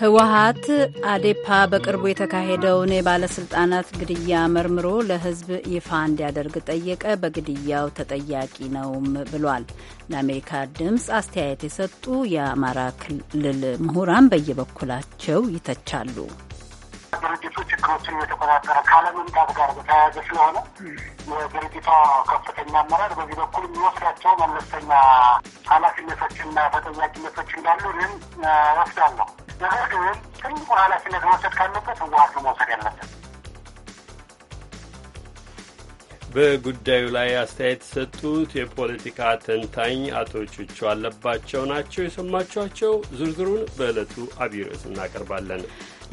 ህወሀት አዴፓ በቅርቡ የተካሄደውን የባለስልጣናት ግድያ መርምሮ ለህዝብ ይፋ እንዲያደርግ ጠየቀ። በግድያው ተጠያቂ ነውም ብሏል። ለአሜሪካ ድምፅ አስተያየት የሰጡ የአማራ ክልል ምሁራን በየበኩላቸው ይተቻሉ። ድርጅቱ ችግሮችን እየተቆጣጠረ ካለመምጣት ጋር በተያያዘ ስለሆነ የድርጅቷ ከፍተኛ አመራር በዚህ በኩል የሚወስዳቸው መለስተኛ ኃላፊነቶችና ተጠያቂነቶች እንዳሉ እኔም ወስዳለሁ። ነገር ግን ትልቁን ኃላፊነት መውሰድ ካለበት ህወሀት መውሰድ ያለበት በጉዳዩ ላይ አስተያየት የሰጡት የፖለቲካ ተንታኝ አቶ ቹቹ አለባቸው ናቸው የሰማችኋቸው። ዝርዝሩን በዕለቱ አብይ ርዕስ እናቀርባለን።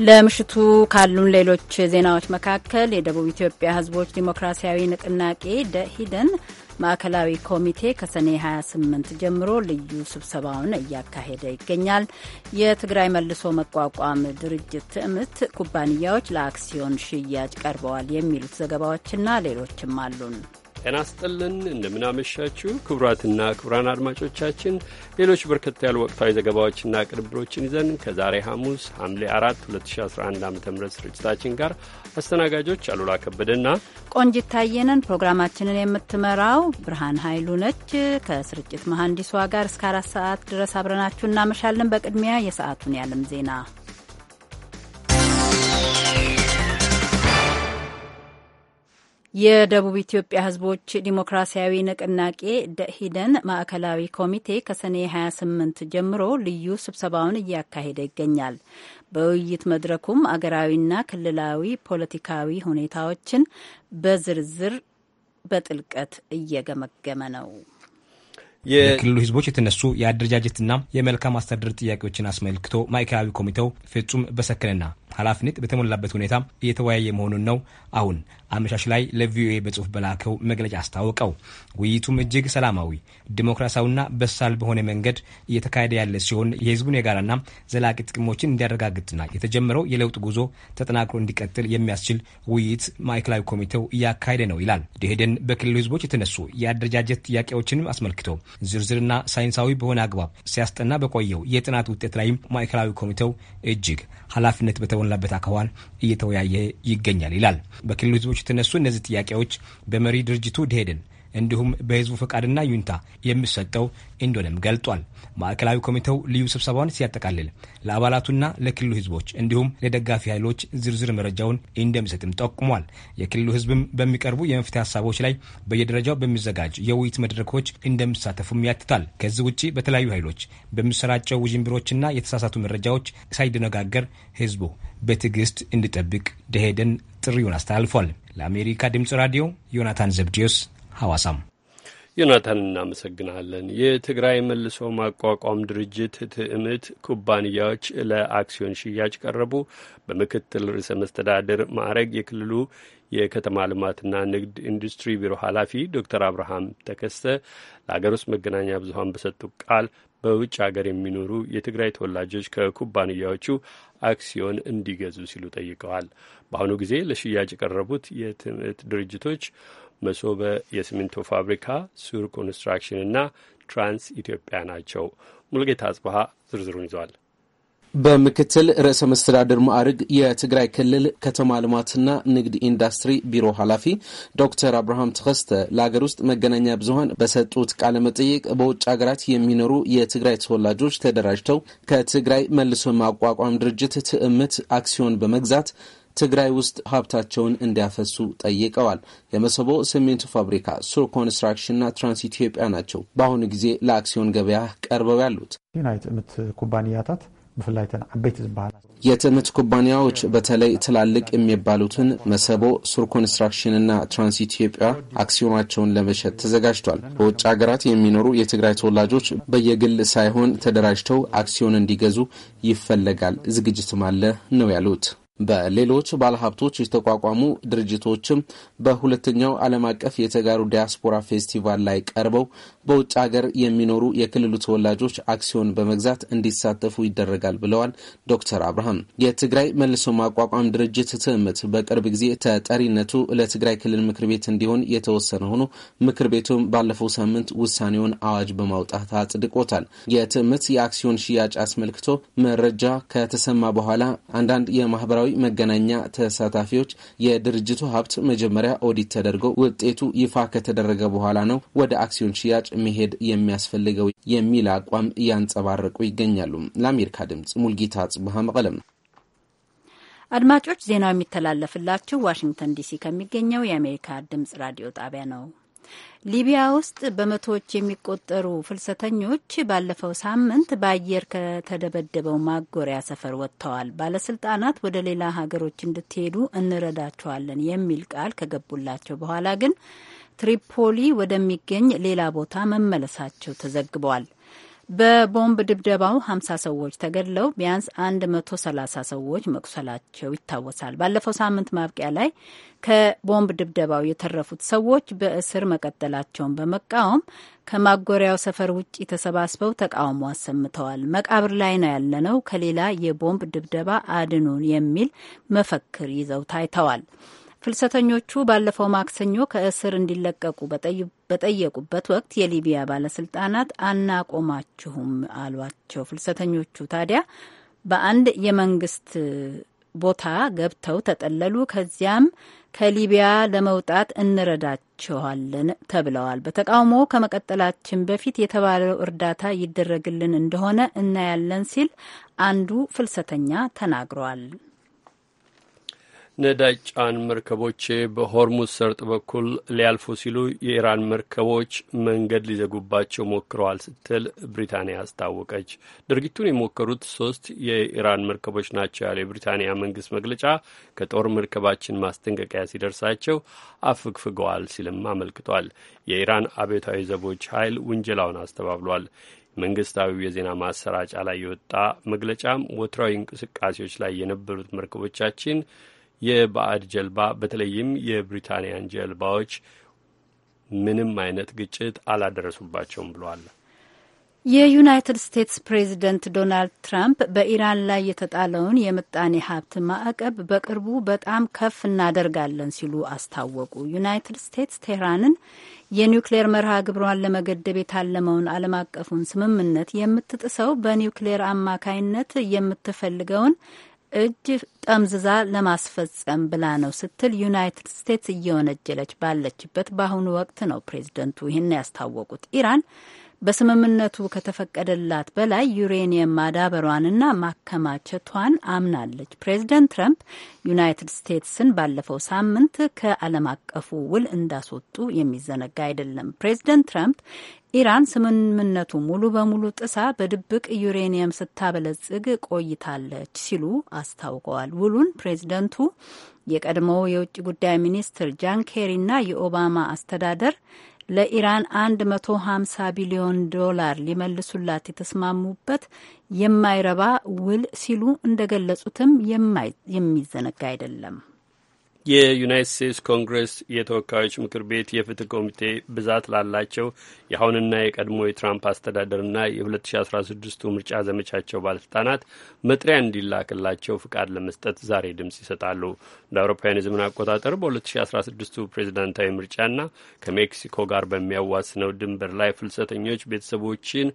ለምሽቱ ካሉን ሌሎች ዜናዎች መካከል የደቡብ ኢትዮጵያ ህዝቦች ዲሞክራሲያዊ ንቅናቄ ደሂደን ማዕከላዊ ኮሚቴ ከሰኔ 28 ጀምሮ ልዩ ስብሰባውን እያካሄደ ይገኛል። የትግራይ መልሶ መቋቋም ድርጅት ትዕምት ኩባንያዎች ለአክሲዮን ሽያጭ ቀርበዋል የሚሉት ዘገባዎችና ሌሎችም አሉን። ጤና ስጥልን እንደምናመሻችሁ ክቡራትና ክቡራን አድማጮቻችን ሌሎች በርከት ያሉ ወቅታዊ ዘገባዎችና ቅንብሮችን ይዘን ከዛሬ ሐሙስ ሐምሌ 4 2011 ዓ ም ስርጭታችን ጋር አስተናጋጆች አሉላ ከበደና ቆንጂት ታየነን። ፕሮግራማችንን የምትመራው ብርሃን ኃይሉ ነች። ከስርጭት መሐንዲሷ ጋር እስከ አራት ሰዓት ድረስ አብረናችሁ እናመሻለን። በቅድሚያ የሰዓቱን ያለም ዜና የደቡብ ኢትዮጵያ ህዝቦች ዲሞክራሲያዊ ንቅናቄ ደኢህዴን ማዕከላዊ ኮሚቴ ከሰኔ 28 ጀምሮ ልዩ ስብሰባውን እያካሄደ ይገኛል። በውይይት መድረኩም አገራዊና ክልላዊ ፖለቲካዊ ሁኔታዎችን በዝርዝር በጥልቀት እየገመገመ ነው። የክልሉ ህዝቦች የተነሱ የአደረጃጀትና የመልካም አስተዳደር ጥያቄዎችን አስመልክቶ ማዕከላዊ ኮሚቴው ፍጹም በሰከነና ኃላፊነት በተሞላበት ሁኔታ እየተወያየ መሆኑን ነው አሁን አመሻሽ ላይ ለቪኦኤ በጽሁፍ በላከው መግለጫ አስታወቀው። ውይይቱም እጅግ ሰላማዊ፣ ዲሞክራሲያዊና በሳል በሆነ መንገድ እየተካሄደ ያለ ሲሆን የህዝቡን የጋራና ዘላቂ ጥቅሞችን እንዲያረጋግጥና የተጀመረው የለውጥ ጉዞ ተጠናክሮ እንዲቀጥል የሚያስችል ውይይት ማዕከላዊ ኮሚቴው እያካሄደ ነው ይላል። ደኢህዴን በክልሉ ህዝቦች የተነሱ የአደረጃጀት ጥያቄዎችንም አስመልክቶ ዝርዝርና ሳይንሳዊ በሆነ አግባብ ሲያስጠና በቆየው የጥናት ውጤት ላይም ማዕከላዊ ኮሚቴው እጅግ ኃላፊነት በተሆነ የተሞላበት አካኋል እየተወያየ ይገኛል ይላል። በክልሉ ህዝቦች የተነሱ እነዚህ ጥያቄዎች በመሪ ድርጅቱ ድሄድን እንዲሁም በህዝቡ ፈቃድና ዩንታ የሚሰጠው እንደሆነም ገልጧል። ማዕከላዊ ኮሚቴው ልዩ ስብሰባውን ሲያጠቃልል ለአባላቱና ለክልሉ ህዝቦች እንዲሁም ለደጋፊ ኃይሎች ዝርዝር መረጃውን እንደሚሰጥም ጠቁሟል። የክልሉ ህዝብም በሚቀርቡ የመፍትሄ ሀሳቦች ላይ በየደረጃው በሚዘጋጅ የውይይት መድረኮች እንደሚሳተፉም ያትታል። ከዚህ ውጭ በተለያዩ ኃይሎች በሚሰራጨው ውዥንብሮችና የተሳሳቱ መረጃዎች ሳይደነጋገር ህዝቡ በትዕግስት እንዲጠብቅ ደሄደን ጥሪውን አስተላልፏል። ለአሜሪካ ድምፅ ራዲዮ ዮናታን ዘብዲዮስ ሐዋሳም ዮናታን እናመሰግናለን። የትግራይ መልሶ ማቋቋም ድርጅት ትዕምት ኩባንያዎች ለአክሲዮን ሽያጭ ቀረቡ። በምክትል ርዕሰ መስተዳድር ማዕረግ የክልሉ የከተማ ልማትና ንግድ ኢንዱስትሪ ቢሮ ኃላፊ ዶክተር አብርሃም ተከስተ ለሀገር ውስጥ መገናኛ ብዙኃን በሰጡት ቃል በውጭ ሀገር የሚኖሩ የትግራይ ተወላጆች ከኩባንያዎቹ አክሲዮን እንዲገዙ ሲሉ ጠይቀዋል። በአሁኑ ጊዜ ለሽያጭ የቀረቡት የትዕምት ድርጅቶች መሶበ የሲሚንቶ ፋብሪካ፣ ሱር እና ትራንስ ኢትዮጵያ ናቸው። ሙልጌታ አጽበሀ ዝርዝሩን ይዟል። በምክትል ርዕሰ መስተዳድር ማዕርግ የትግራይ ክልል ከተማ ልማትና ንግድ ኢንዱስትሪ ቢሮ ኃላፊ ዶክተር አብርሃም ትኸስተ ለሀገር ውስጥ መገናኛ ብዙኃን በሰጡት ቃለ መጠይቅ በውጭ ሀገራት የሚኖሩ የትግራይ ተወላጆች ተደራጅተው ከትግራይ መልሶ ማቋቋም ድርጅት ትዕምት አክሲዮን በመግዛት ትግራይ ውስጥ ሀብታቸውን እንዲያፈሱ ጠይቀዋል። የመሰቦ ሲሚንቶ ፋብሪካ፣ ሱር ኮንስትራክሽንና ትራንስ ኢትዮጵያ ናቸው በአሁኑ ጊዜ ለአክሲዮን ገበያ ቀርበው ያሉት። ኩባንያታት ብፍላይተን ዝበሃል የትምህርት ኩባንያዎች በተለይ ትላልቅ የሚባሉትን መሰቦ፣ ሱር ኮንስትራክሽንና ትራንስ ኢትዮጵያ አክሲዮናቸውን ለመሸጥ ተዘጋጅቷል። በውጭ ሀገራት የሚኖሩ የትግራይ ተወላጆች በየግል ሳይሆን ተደራጅተው አክሲዮን እንዲገዙ ይፈለጋል። ዝግጅትም አለ ነው ያሉት። በሌሎች ባለሀብቶች የተቋቋሙ ድርጅቶችም በሁለተኛው ዓለም አቀፍ የተጋሩ ዲያስፖራ ፌስቲቫል ላይ ቀርበው በውጭ ሀገር የሚኖሩ የክልሉ ተወላጆች አክሲዮን በመግዛት እንዲሳተፉ ይደረጋል ብለዋል ዶክተር አብርሃም። የትግራይ መልሶ ማቋቋም ድርጅት ትዕምት በቅርብ ጊዜ ተጠሪነቱ ለትግራይ ክልል ምክር ቤት እንዲሆን የተወሰነ ሆኖ ምክር ቤቱም ባለፈው ሳምንት ውሳኔውን አዋጅ በማውጣት አጽድቆታል። የትዕምት የአክሲዮን ሽያጭ አስመልክቶ መረጃ ከተሰማ በኋላ አንዳንድ የማህበራዊ የማህበራዊ መገናኛ ተሳታፊዎች የድርጅቱ ሀብት መጀመሪያ ኦዲት ተደርጎ ውጤቱ ይፋ ከተደረገ በኋላ ነው ወደ አክሲዮን ሽያጭ መሄድ የሚያስፈልገው የሚል አቋም እያንጸባረቁ ይገኛሉ። ለአሜሪካ ድምጽ ሙልጌታ ጽብሃ መቀለም ነው። አድማጮች ዜናው የሚተላለፍላችሁ ዋሽንግተን ዲሲ ከሚገኘው የአሜሪካ ድምጽ ራዲዮ ጣቢያ ነው። ሊቢያ ውስጥ በመቶዎች የሚቆጠሩ ፍልሰተኞች ባለፈው ሳምንት በአየር ከተደበደበው ማጎሪያ ሰፈር ወጥተዋል። ባለስልጣናት ወደ ሌላ ሀገሮች እንድትሄዱ እንረዳቸዋለን የሚል ቃል ከገቡላቸው በኋላ ግን ትሪፖሊ ወደሚገኝ ሌላ ቦታ መመለሳቸው ተዘግቧል። በቦምብ ድብደባው 50 ሰዎች ተገድለው ቢያንስ 130 ሰዎች መቁሰላቸው ይታወሳል። ባለፈው ሳምንት ማብቂያ ላይ ከቦምብ ድብደባው የተረፉት ሰዎች በእስር መቀጠላቸውን በመቃወም ከማጎሪያው ሰፈር ውጭ ተሰባስበው ተቃውሞ አሰምተዋል። መቃብር ላይ ነው ያለነው፣ ከሌላ የቦምብ ድብደባ አድኑን የሚል መፈክር ይዘው ታይተዋል። ፍልሰተኞቹ ባለፈው ማክሰኞ ከእስር እንዲለቀቁ በጠየቁበት ወቅት የሊቢያ ባለስልጣናት አናቆማችሁም አሏቸው። ፍልሰተኞቹ ታዲያ በአንድ የመንግስት ቦታ ገብተው ተጠለሉ። ከዚያም ከሊቢያ ለመውጣት እንረዳቸዋለን ተብለዋል። በተቃውሞ ከመቀጠላችን በፊት የተባለው እርዳታ ይደረግልን እንደሆነ እናያለን ሲል አንዱ ፍልሰተኛ ተናግሯል። ነዳጅ ጫን መርከቦች በሆርሙዝ ሰርጥ በኩል ሊያልፉ ሲሉ የኢራን መርከቦች መንገድ ሊዘጉባቸው ሞክረዋል ስትል ብሪታንያ አስታወቀች። ድርጊቱን የሞከሩት ሶስት የኢራን መርከቦች ናቸው ያለ የብሪታንያ መንግስት መግለጫ ከጦር መርከባችን ማስጠንቀቂያ ሲደርሳቸው አፍግፍገዋል ሲልም አመልክቷል። የኢራን አብዮታዊ ዘቦች ኃይል ውንጀላውን አስተባብሏል። መንግስታዊ የዜና ማሰራጫ ላይ የወጣ መግለጫም ወትራዊ እንቅስቃሴዎች ላይ የነበሩት መርከቦቻችን የባዕድ ጀልባ በተለይም የብሪታንያን ጀልባዎች ምንም አይነት ግጭት አላደረሱባቸውም ብለዋል። የዩናይትድ ስቴትስ ፕሬዚደንት ዶናልድ ትራምፕ በኢራን ላይ የተጣለውን የምጣኔ ሀብት ማዕቀብ በቅርቡ በጣም ከፍ እናደርጋለን ሲሉ አስታወቁ። ዩናይትድ ስቴትስ ቴህራንን የኒውክሌር መርሃ ግብሯን ለመገደብ የታለመውን ዓለም አቀፉን ስምምነት የምትጥሰው በኒውክሌር አማካይነት የምትፈልገውን እጅ ጠምዝዛ ለማስፈጸም ብላ ነው ስትል ዩናይትድ ስቴትስ እየወነጀለች ባለችበት በአሁኑ ወቅት ነው ፕሬዚደንቱ ይህን ያስታወቁት። ኢራን በስምምነቱ ከተፈቀደላት በላይ ዩሬኒየም ማዳበሯንና ማከማቸቷን አምናለች። ፕሬዚደንት ትራምፕ ዩናይትድ ስቴትስን ባለፈው ሳምንት ከዓለም አቀፉ ውል እንዳስወጡ የሚዘነጋ አይደለም። ፕሬዚደንት ትራምፕ ኢራን ስምምነቱ ሙሉ በሙሉ ጥሳ በድብቅ ዩሬኒየም ስታበለጽግ ቆይታለች ሲሉ አስታውቀዋል። ውሉን ፕሬዚደንቱ የቀድሞው የውጭ ጉዳይ ሚኒስትር ጃን ኬሪና የኦባማ አስተዳደር ለኢራን 150 ቢሊዮን ዶላር ሊመልሱላት የተስማሙበት የማይረባ ውል ሲሉ እንደገለጹትም የሚዘነጋ አይደለም። የዩናይት ስቴትስ ኮንግረስ የተወካዮች ምክር ቤት የፍትህ ኮሚቴ ብዛት ላላቸው የአሁንና የቀድሞ የትራምፕ አስተዳደርና የ2016ቱ ምርጫ ዘመቻቸው ባለስልጣናት መጥሪያ እንዲላክላቸው ፍቃድ ለመስጠት ዛሬ ድምፅ ይሰጣሉ። እንደ አውሮፓውያን የዘመን አቆጣጠር በ2016ቱ ፕሬዚዳንታዊ ምርጫና ከሜክሲኮ ጋር በሚያዋስነው ድንበር ላይ ፍልሰተኞች ቤተሰቦችን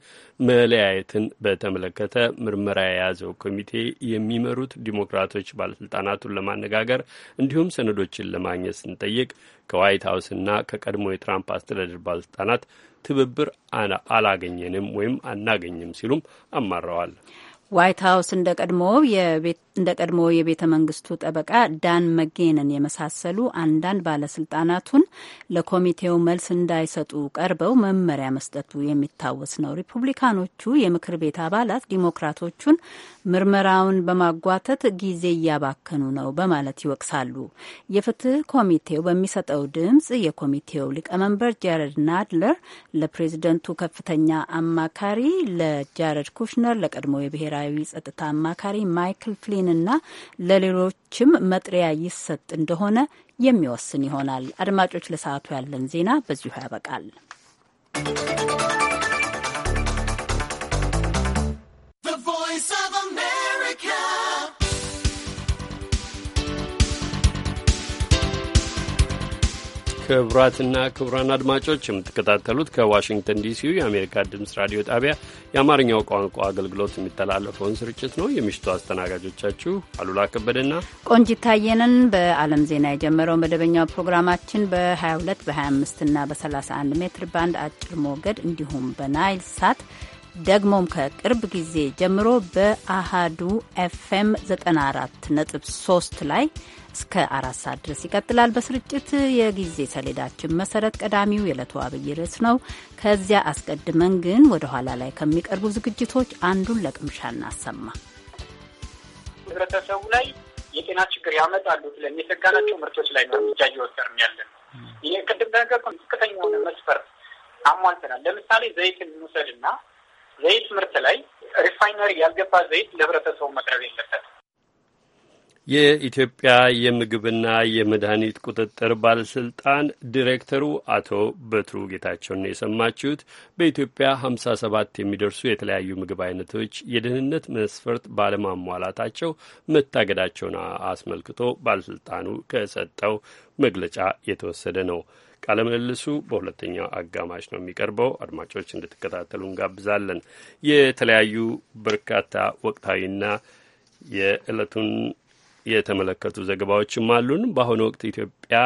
መለያየትን በተመለከተ ምርመራ የያዘው ኮሚቴ የሚመሩት ዲሞክራቶች ባለስልጣናቱን ለማነጋገር እንዲሁም ሰነዶችን ለማግኘት ስንጠይቅ ከዋይት ሀውስና ከቀድሞ የትራምፕ አስተዳደር ባለስልጣናት ትብብር አላገኘንም ወይም አናገኝም ሲሉም አማረዋል። ዋይት ሀውስ እንደ ቀድሞ የቤተ መንግስቱ ጠበቃ ዳን መጌንን የመሳሰሉ አንዳንድ ባለስልጣናቱን ለኮሚቴው መልስ እንዳይሰጡ ቀርበው መመሪያ መስጠቱ የሚታወስ ነው። ሪፑብሊካኖቹ የምክር ቤት አባላት ዲሞክራቶቹን ምርመራውን በማጓተት ጊዜ እያባከኑ ነው በማለት ይወቅሳሉ። የፍትህ ኮሚቴው በሚሰጠው ድምጽ የኮሚቴው ሊቀመንበር ጃረድ ናድለር ለፕሬዝደንቱ ከፍተኛ አማካሪ ለጃረድ ኩሽነር ለቀድሞ የብሔራ ብሔራዊ ጸጥታ አማካሪ ማይክል ፍሊንና ለሌሎችም መጥሪያ ይሰጥ እንደሆነ የሚወስን ይሆናል። አድማጮች፣ ለሰዓቱ ያለን ዜና በዚሁ ያበቃል። ክቡራትና ክቡራን አድማጮች የምትከታተሉት ከዋሽንግተን ዲሲው የአሜሪካ ድምፅ ራዲዮ ጣቢያ የአማርኛው ቋንቋ አገልግሎት የሚተላለፈውን ስርጭት ነው። የምሽቱ አስተናጋጆቻችሁ አሉላ ከበደና ቆንጂት ታየንን። በዓለም ዜና የጀመረው መደበኛው ፕሮግራማችን በ22 በ25ና በ31 ሜትር ባንድ አጭር ሞገድ እንዲሁም በናይል ሳት ደግሞም ከቅርብ ጊዜ ጀምሮ በአሃዱ ኤፍኤም 94 ነጥብ 3 ላይ እስከ አራት ሰዓት ድረስ ይቀጥላል። በስርጭት የጊዜ ሰሌዳችን መሰረት ቀዳሚው የዕለቱ አብይ ርዕስ ነው። ከዚያ አስቀድመን ግን ወደ ኋላ ላይ ከሚቀርቡ ዝግጅቶች አንዱን ለቅምሻ እናሰማ። ህብረተሰቡ ላይ የጤና ችግር ያመጣሉ ብለን የሰጋናቸው ምርቶች ላይ ነው እርምጃ እየወሰድን ያለን። ይህ ቅድም ነገር ዝቅተኛ የሆነ መስፈርት አሟልተናል። ለምሳሌ ዘይትን እንውሰድና ዘይት ምርት ላይ ሪፋይነሪ ያልገባ ዘይት ለህብረተሰቡ መቅረብ የለበት። የኢትዮጵያ የምግብና የመድኃኒት ቁጥጥር ባለስልጣን ዲሬክተሩ አቶ በትሩ ጌታቸውን ነው የሰማችሁት። በኢትዮጵያ ሀምሳ ሰባት የሚደርሱ የተለያዩ ምግብ አይነቶች የደህንነት መስፈርት ባለማሟላታቸው መታገዳቸውን አስመልክቶ ባለስልጣኑ ከሰጠው መግለጫ የተወሰደ ነው። ቃለ ምልልሱ በሁለተኛው አጋማሽ ነው የሚቀርበው። አድማጮች እንድትከታተሉ እንጋብዛለን። የተለያዩ በርካታ ወቅታዊና የዕለቱን የተመለከቱ ዘገባዎችም አሉን። በአሁኑ ወቅት ኢትዮጵያ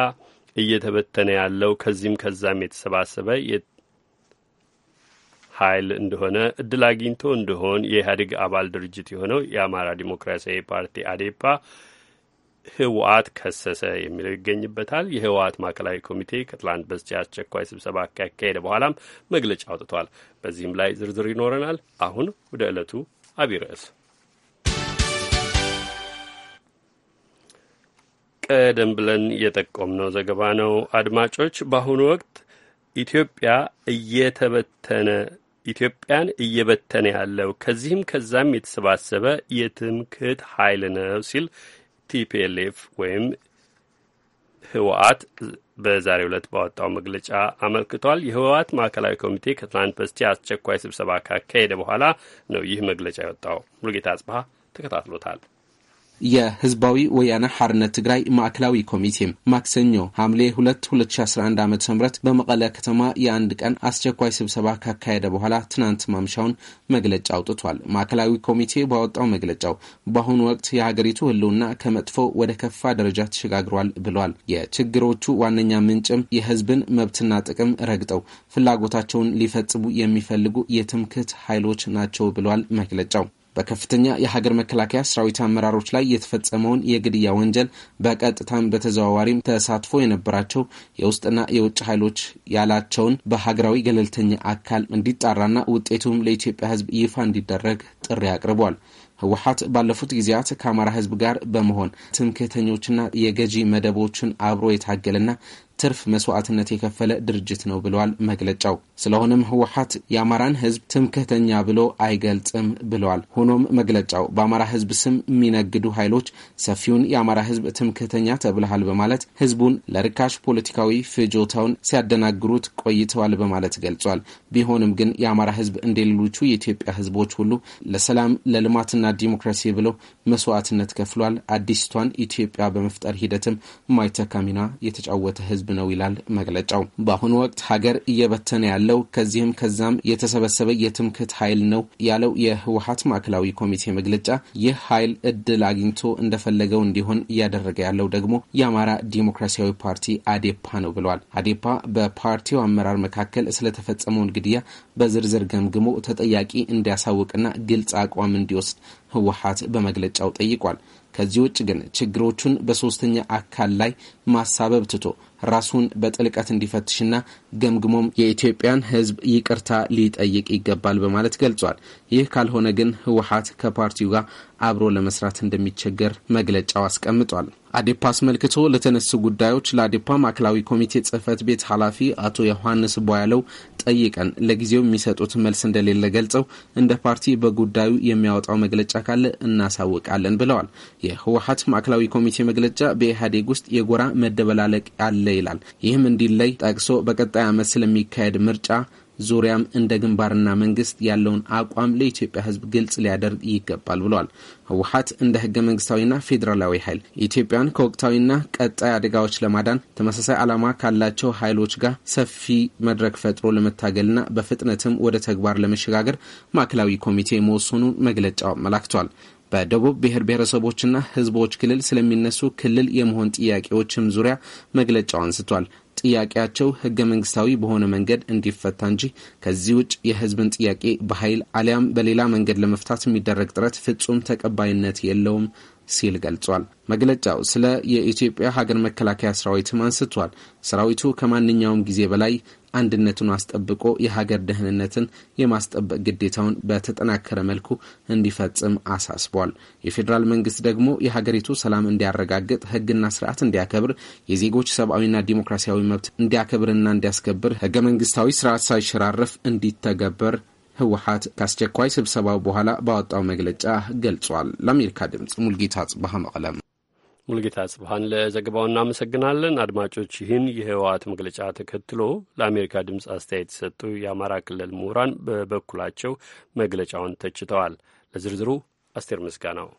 እየተበተነ ያለው ከዚህም ከዛም የተሰባሰበ ኃይል እንደሆነ እድል አግኝቶ እንደሆን የኢህአዴግ አባል ድርጅት የሆነው የአማራ ዲሞክራሲያዊ ፓርቲ አዴፓ ህወሓት ከሰሰ የሚለው ይገኝበታል። የህወሓት ማዕከላዊ ኮሚቴ ከትላንት በስቲያ አስቸኳይ ስብሰባ ካካሄደ በኋላም መግለጫ አውጥቷል። በዚህም ላይ ዝርዝር ይኖረናል። አሁን ወደ ዕለቱ አቢይ ርዕስ ቀደም ብለን የጠቆምነው ዘገባ ነው። አድማጮች በአሁኑ ወቅት ኢትዮጵያ እየተበተነ ኢትዮጵያን እየበተነ ያለው ከዚህም ከዛም የተሰባሰበ የትምክህት ኃይል ነው ሲል ቲፒኤልኤፍ ወይም ህወአት በዛሬው ዕለት ባወጣው መግለጫ አመልክቷል። የህወአት ማዕከላዊ ኮሚቴ ከትናንት በስቲያ አስቸኳይ ስብሰባ ካካሄደ በኋላ ነው ይህ መግለጫ የወጣው። ሙሉጌታ አጽብሃ ተከታትሎታል። የህዝባዊ ወያነ ሐርነት ትግራይ ማዕከላዊ ኮሚቴ ማክሰኞ ሐምሌ 2 2011 ዓ ም በመቀለ ከተማ የአንድ ቀን አስቸኳይ ስብሰባ ካካሄደ በኋላ ትናንት ማምሻውን መግለጫ አውጥቷል። ማዕከላዊ ኮሚቴ ባወጣው መግለጫው በአሁኑ ወቅት የሀገሪቱ ህልውና ከመጥፎ ወደ ከፋ ደረጃ ተሸጋግሯል ብሏል። የችግሮቹ ዋነኛ ምንጭም የህዝብን መብትና ጥቅም ረግጠው ፍላጎታቸውን ሊፈጽሙ የሚፈልጉ የትምክህት ኃይሎች ናቸው ብሏል መግለጫው በከፍተኛ የሀገር መከላከያ ሰራዊት አመራሮች ላይ የተፈጸመውን የግድያ ወንጀል በቀጥታም በተዘዋዋሪም ተሳትፎ የነበራቸው የውስጥና የውጭ ኃይሎች ያላቸውን በሀገራዊ ገለልተኛ አካል እንዲጣራና ውጤቱም ለኢትዮጵያ ሕዝብ ይፋ እንዲደረግ ጥሪ አቅርቧል። ህወሀት ባለፉት ጊዜያት ከአማራ ህዝብ ጋር በመሆን ትምክህተኞችና የገዢ መደቦችን አብሮ የታገለና ትርፍ መስዋዕትነት የከፈለ ድርጅት ነው ብለዋል መግለጫው። ስለሆነም ህወሓት የአማራን ህዝብ ትምክህተኛ ብሎ አይገልጽም ብለዋል። ሆኖም መግለጫው በአማራ ህዝብ ስም የሚነግዱ ኃይሎች ሰፊውን የአማራ ህዝብ ትምክህተኛ ተብልሃል በማለት ህዝቡን ለርካሽ ፖለቲካዊ ፍጆታውን ሲያደናግሩት ቆይተዋል በማለት ገልጿል። ቢሆንም ግን የአማራ ህዝብ እንደሌሎቹ የኢትዮጵያ ህዝቦች ሁሉ ለሰላም ለልማትና ዲሞክራሲ ብሎ መስዋዕትነት ከፍሏል። አዲስቷን ኢትዮጵያ በመፍጠር ሂደትም ማይተካ ሚና የተጫወተ ህዝብ ህዝብ ነው ይላል መግለጫው። በአሁኑ ወቅት ሀገር እየበተነ ያለው ከዚህም ከዛም የተሰበሰበ የትምክህት ኃይል ነው ያለው የህወሀት ማዕከላዊ ኮሚቴ መግለጫ፣ ይህ ኃይል እድል አግኝቶ እንደፈለገው እንዲሆን እያደረገ ያለው ደግሞ የአማራ ዲሞክራሲያዊ ፓርቲ አዴፓ ነው ብሏል። አዴፓ በፓርቲው አመራር መካከል ስለተፈጸመውን ግድያ በዝርዝር ገምግሞ ተጠያቂ እንዲያሳውቅና ግልጽ አቋም እንዲወስድ ህወሀት በመግለጫው ጠይቋል። ከዚህ ውጭ ግን ችግሮቹን በሶስተኛ አካል ላይ ማሳበብ ትቶ ራሱን በጥልቀት እንዲፈትሽና ገምግሞም የኢትዮጵያን ሕዝብ ይቅርታ ሊጠይቅ ይገባል በማለት ገልጿል። ይህ ካልሆነ ግን ህወሀት ከፓርቲው ጋር አብሮ ለመስራት እንደሚቸገር መግለጫው አስቀምጧል። አዴፓ አስመልክቶ ለተነሱ ጉዳዮች ለአዴፓ ማዕከላዊ ኮሚቴ ጽህፈት ቤት ኃላፊ አቶ ዮሐንስ ቧያለው ጠይቀን ለጊዜው የሚሰጡት መልስ እንደሌለ ገልጸው እንደ ፓርቲ በጉዳዩ የሚያወጣው መግለጫ ካለ እናሳውቃለን ብለዋል። የህወሀት ማዕከላዊ ኮሚቴ መግለጫ በኢህአዴግ ውስጥ የጎራ መደበላለቅ አለ ይላል። ይህም እንዲለይ ጠቅሶ በቀጣይ ዓመት ስለሚካሄድ ምርጫ ዙሪያም እንደ ግንባርና መንግስት ያለውን አቋም ለኢትዮጵያ ሕዝብ ግልጽ ሊያደርግ ይገባል ብሏል። ህወሀት እንደ ህገ መንግስታዊና ፌዴራላዊ ኃይል ኢትዮጵያን ከወቅታዊና ቀጣይ አደጋዎች ለማዳን ተመሳሳይ ዓላማ ካላቸው ኃይሎች ጋር ሰፊ መድረክ ፈጥሮ ለመታገልና በፍጥነትም ወደ ተግባር ለመሸጋገር ማዕከላዊ ኮሚቴ መወሰኑን መግለጫው አመላክቷል። በደቡብ ብሔር ብሔረሰቦችና ህዝቦች ክልል ስለሚነሱ ክልል የመሆን ጥያቄዎችም ዙሪያ መግለጫው አንስቷል። ጥያቄያቸው ህገ መንግስታዊ በሆነ መንገድ እንዲፈታ እንጂ ከዚህ ውጭ የህዝብን ጥያቄ በኃይል አሊያም በሌላ መንገድ ለመፍታት የሚደረግ ጥረት ፍጹም ተቀባይነት የለውም ሲል ገልጿል። መግለጫው ስለ የኢትዮጵያ ሀገር መከላከያ ሰራዊትም አንስቷል። ሰራዊቱ ከማንኛውም ጊዜ በላይ አንድነቱን አስጠብቆ የሀገር ደህንነትን የማስጠበቅ ግዴታውን በተጠናከረ መልኩ እንዲፈጽም አሳስቧል። የፌዴራል መንግስት ደግሞ የሀገሪቱ ሰላም እንዲያረጋግጥ፣ ህግና ስርዓት እንዲያከብር፣ የዜጎች ሰብአዊና ዲሞክራሲያዊ መብት እንዲያከብርና እንዲያስከብር፣ ህገ መንግስታዊ ስርዓት ሳይሸራረፍ እንዲተገበር ህወሀት ከአስቸኳይ ስብሰባው በኋላ ባወጣው መግለጫ ገልጿል። ለአሜሪካ ድምፅ ሙልጌታ ጽባህ መቀለም ሙልጌታ ጽብሃን ለዘገባው እናመሰግናለን። አድማጮች ይህን የህወሓት መግለጫ ተከትሎ ለአሜሪካ ድምፅ አስተያየት የሰጡ የአማራ ክልል ምሁራን በበኩላቸው መግለጫውን ተችተዋል። ለዝርዝሩ አስቴር ምስጋናው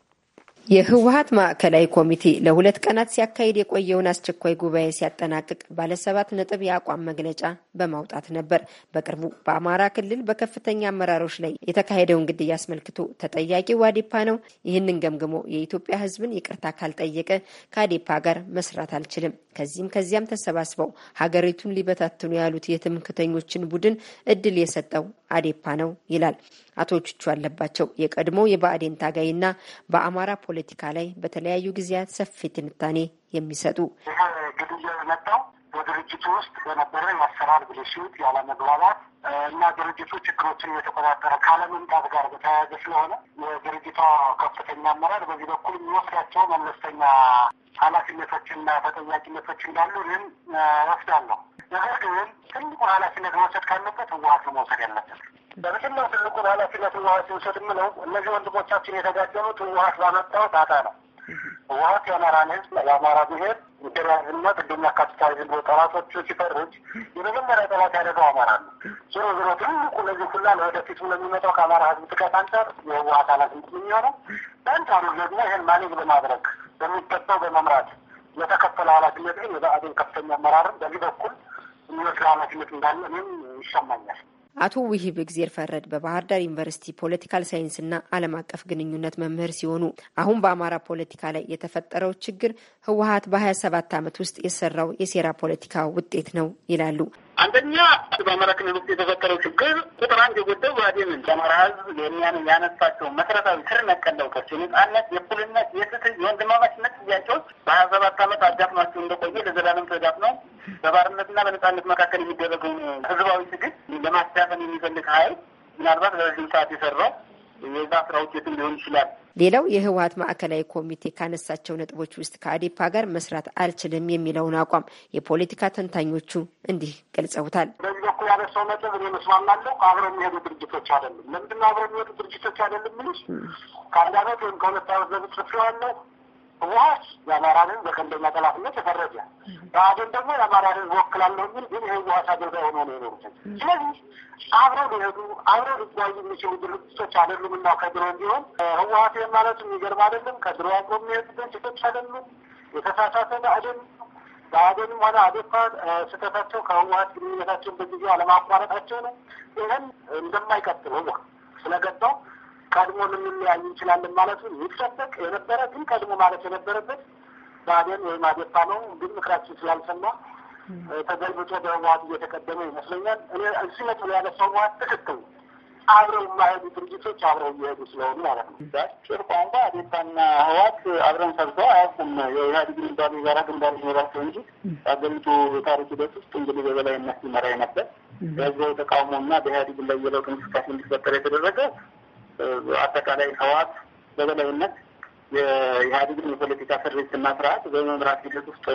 የህወሀት ማዕከላዊ ኮሚቴ ለሁለት ቀናት ሲያካሂድ የቆየውን አስቸኳይ ጉባኤ ሲያጠናቅቅ ባለሰባት ነጥብ የአቋም መግለጫ በማውጣት ነበር። በቅርቡ በአማራ ክልል በከፍተኛ አመራሮች ላይ የተካሄደውን ግድያ አስመልክቶ ተጠያቂው አዴፓ ነው። ይህንን ገምግሞ የኢትዮጵያ ህዝብን ይቅርታ ካልጠየቀ ከአዴፓ ጋር መስራት አልችልም፣ ከዚህም ከዚያም ተሰባስበው ሀገሪቱን ሊበታትኑ ያሉት የትምክተኞችን ቡድን እድል የሰጠው አዴፓ ነው ይላል። አቶ ቹቹ አለባቸው የቀድሞ የብአዴን ታጋይና በአማራ ፖለቲካ ላይ በተለያዩ ጊዜያት ሰፊ ትንታኔ የሚሰጡ ግድያ በድርጅቱ ውስጥ በነበረ የአሰራር ብልሽት፣ ያለመግባባት እና ድርጅቱ ችግሮችን እየተቆጣጠረ ካለመምጣት ጋር በተያያዘ ስለሆነ የድርጅቷ ከፍተኛ አመራር በዚህ በኩል የሚወስዳቸው መለስተኛ ኃላፊነቶችና ተጠያቂነቶች እንዳሉ ይህም ወስዳለሁ። ነገር ግን ትልቁ ኃላፊነት መውሰድ ካለበት ህወሀት መውሰድ ያለበት በመጀመሪያ ትልቁ ኃላፊነት ህወሀት ይውሰድ የምለው እነዚህ ወንድሞቻችን የተጋደሉት ህወሀት ባመጣው ጣጣ ነው። ህወሀት የአማራን ህዝብ የአማራ ብሔር ኢምፔሪያሊዝምነት እንዲሁም ካፒታሊዝም ብሎ ጠላቶቹ ሲፈርጅ የመጀመሪያ ጠላት ያደረገው አማራ ነው። ዞሮ ዞሮ ትልቁ ለዚህ ሁላ ለወደፊቱ ለሚመጣው ከአማራ ህዝብ ጥቀት አንጻር የህወሀት ኃላፊነት የሚሆነው በአንጻሩ ደግሞ ይህን ማኔጅ በማድረግ በሚገባው በመምራት የተከፈለ ኃላፊነት ግን የብአዴን ከፍተኛ አመራርም በዚህ በኩል የሚወስድ ኃላፊነት እንዳለ እኔም ይሰማኛል። አቶ ውሂብ እግዜር ፈረድ በባህር ዳር ዩኒቨርሲቲ ፖለቲካል ሳይንስና ዓለም አቀፍ ግንኙነት መምህር ሲሆኑ አሁን በአማራ ፖለቲካ ላይ የተፈጠረው ችግር ህወሀት በ27 ዓመት ውስጥ የሰራው የሴራ ፖለቲካ ውጤት ነው ይላሉ። አንደኛ በአማራ ክልል ውስጥ የተፈጠረው ችግር ቁጥር አንድ የጎደው ብአዴንን ለአማራ ሕዝብ የሚያን ያነሳቸው መሰረታዊ ስር ነቀል ለውጦች የነጻነት፣ የእኩልነት፣ የፍትህ፣ የወንድማማችነት ጥያቄዎች በሀያ ሰባት ዓመት አዳፍኗቸው እንደቆየ ለዘላለም ተዳፍነው በባርነትና በነጻነት መካከል የሚደረገውን ህዝባዊ ትግል ለማዳፈን የሚፈልግ ሀይል ምናልባት ለረዥም ሰዓት የሰራው የዛ ስራዎች የትም ሊሆን ይችላል። ሌላው የህወሀት ማዕከላዊ ኮሚቴ ካነሳቸው ነጥቦች ውስጥ ከአዴፓ ጋር መስራት አልችልም የሚለውን አቋም የፖለቲካ ተንታኞቹ እንዲህ ገልጸውታል። በዚህ በኩል ያነሳው ነጥብ እኔ መስማማለሁ። አብረው የሚሄዱ ድርጅቶች አይደለም። ለምንድነው አብረው የሚሄዱ ድርጅቶች አይደለም? ምንስ ከአንድ አመት ወይም ከሁለት አመት በፊት ጽፌዋለሁ ህወሀት የአማራን ህዝብ በቀንደኛ ጠላትነት የፈረጀ ብአዴን ደግሞ የአማራን ህዝብ ወክላለሁ የሚል ግን የህወሀት አገልጋይ ሆኖ ነው የኖሩትን። ስለዚህ አብረው ሊሄዱ አብረው ሊጓዙ የሚችሉ ድርጅቶች አይደሉም እና ከድሮ እንዲሆን ህወሀት ማለት የሚገርም አይደለም። ከድሮ አብሮ የሚሄዱ ድርጅቶች አይደሉም። የተሳሳተ ብአዴን ብአዴንም ሆነ አዴፓ ስህተታቸው ከህወሀት ግንኙነታቸውን በጊዜ አለማቋረጣቸው ነው። ይህን እንደማይቀጥል ህወሀት ስለገባው ቀድሞ ልንለያይ እንችላለን ማለቱ ይጠበቅ የነበረ ግን ቀድሞ ማለት የነበረበት ብአዴን ወይም አዴፓ ነው። ግን ምክራችን ስላልሰማ ተገልብጦ በህወሓት እየተቀደመ ይመስለኛል። እኔ እሱ ያለ ሰው ህወሓት ትክክል አብረው የማይሄዱ ድርጅቶች አብረው እየሄዱ ስለሆኑ ማለት ነው። በአጭር ቋንቋ አዴፓና ህወሓት አብረን ሰርተው አያውቁም። የኢህአዴግ ግንባር የጋራ ግንባር ኖራቸው እንጂ በሀገሪቱ የታሪክ ሂደት ውስጥ እንግዲህ በበላይነት ይመራ ነበር። በዚያው ተቃውሞና በኢህአዴግ ላይ የለውጥ እንቅስቃሴ እንዲፈጠር የተደረገ አጠቃላይ ህዋት በበላይነት የኢህአዴግን የፖለቲካ ስሪትና ስርዓት በመምራት ሂደት ውስጥ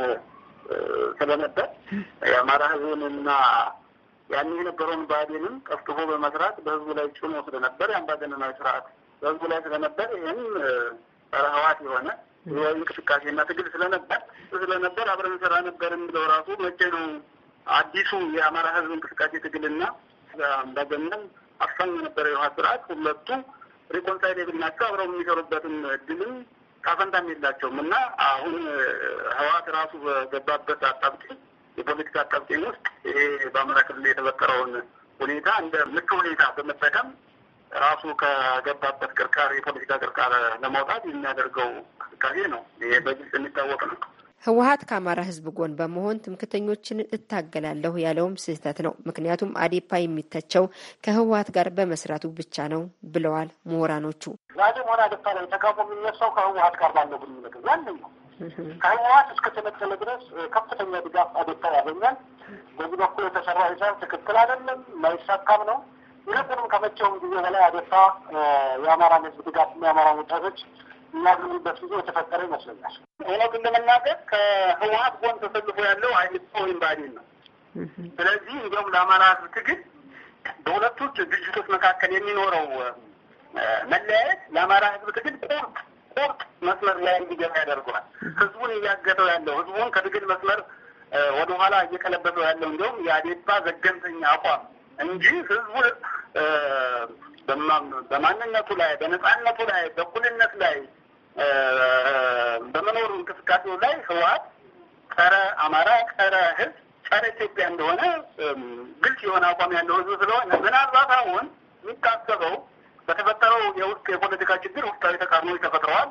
ስለነበር የአማራ ህዝብንና ያን የነበረውን ብአዴንም ቀፍትፎ በመስራት በህዝቡ ላይ ጭኖ ስለነበር የአምባገነናዊ ስርዓት በህዝቡ ላይ ስለነበር ይህም ጸረ ህዋት የሆነ እንቅስቃሴና ትግል ስለነበር ስለነበር አብረን ስራ ነበር የሚለው ራሱ መቼ ነው አዲሱ የአማራ ህዝብ እንቅስቃሴ ትግልና አምባገነን አፍሳኝ የነበረ የህወሓት ስርዓት ሁለቱ ሪኮንሳይሌብል ናቸው። አብረው የሚሰሩበትም እድልም ካፈንታም የላቸውም እና አሁን ህወሓት ራሱ በገባበት አጣብቂኝ የፖለቲካ አጣብቂኝ ውስጥ ይሄ በአማራ ክልል የተፈጠረውን ሁኔታ እንደ ምቹ ሁኔታ በመጠቀም ራሱ ከገባበት ቅርቃር የፖለቲካ ቅርቃር ለማውጣት የሚያደርገው እንቅስቃሴ ነው። ይሄ በግልጽ የሚታወቅ ነው። ህወሀት ከአማራ ህዝብ ጎን በመሆን ትምክተኞችን እታገላለሁ ያለውም ስህተት ነው። ምክንያቱም አዴፓ የሚተቸው ከህወሀት ጋር በመስራቱ ብቻ ነው ብለዋል ምሁራኖቹ። ዛሬም ሆነ አዴፓ ላይ ተቃውሞ የሚነሳው ከህወሀት ጋር ባለው ግንኙነት ዋነኛው ከህወሀት እስከተነጠለ ድረስ ከፍተኛ ድጋፍ አዴፓ ያገኛል። በዚህ በኩል የተሰራ ሂሳብ ትክክል አይደለም፣ ማይሳካም ነው። ይልቁንም ከመቼውም ጊዜ በላይ አዴፓ የአማራን ህዝብ ድጋፍ እና የአማራን ወጣቶች የሚያገኙበት ጊዜ የተፈጠረ ይመስለኛል። እውነቱን ለመናገር ከህወሀት ጎን ተሰልፎ ያለው አይነት ወይም ብአዴን ነው። ስለዚህ እንዲሁም ለአማራ ህዝብ ትግል በሁለቱ ድርጅቶች መካከል የሚኖረው መለያየት ለአማራ ህዝብ ትግል ቁርጥ ቁርጥ መስመር ላይ እንዲገባ ያደርገዋል። ህዝቡን እያገተው ያለው ህዝቡን ከትግል መስመር ወደኋላ እየቀለበሰው ያለው እንዲሁም የአዴፓ ዘገምተኛ አቋም እንጂ ህዝቡ በማንነቱ ላይ፣ በነጻነቱ ላይ፣ በእኩልነት ላይ በመኖሩ እንቅስቃሴው ላይ ህወሀት ጸረ አማራ፣ ጸረ ህዝብ፣ ጸረ ኢትዮጵያ እንደሆነ ግልጽ የሆነ አቋም ያለው ህዝብ ስለሆነ ምናልባት አሁን የሚታሰበው በተፈጠረው የውስጥ የፖለቲካ ችግር ውስጣዊ ተቃርኖች ተፈጥረዋል።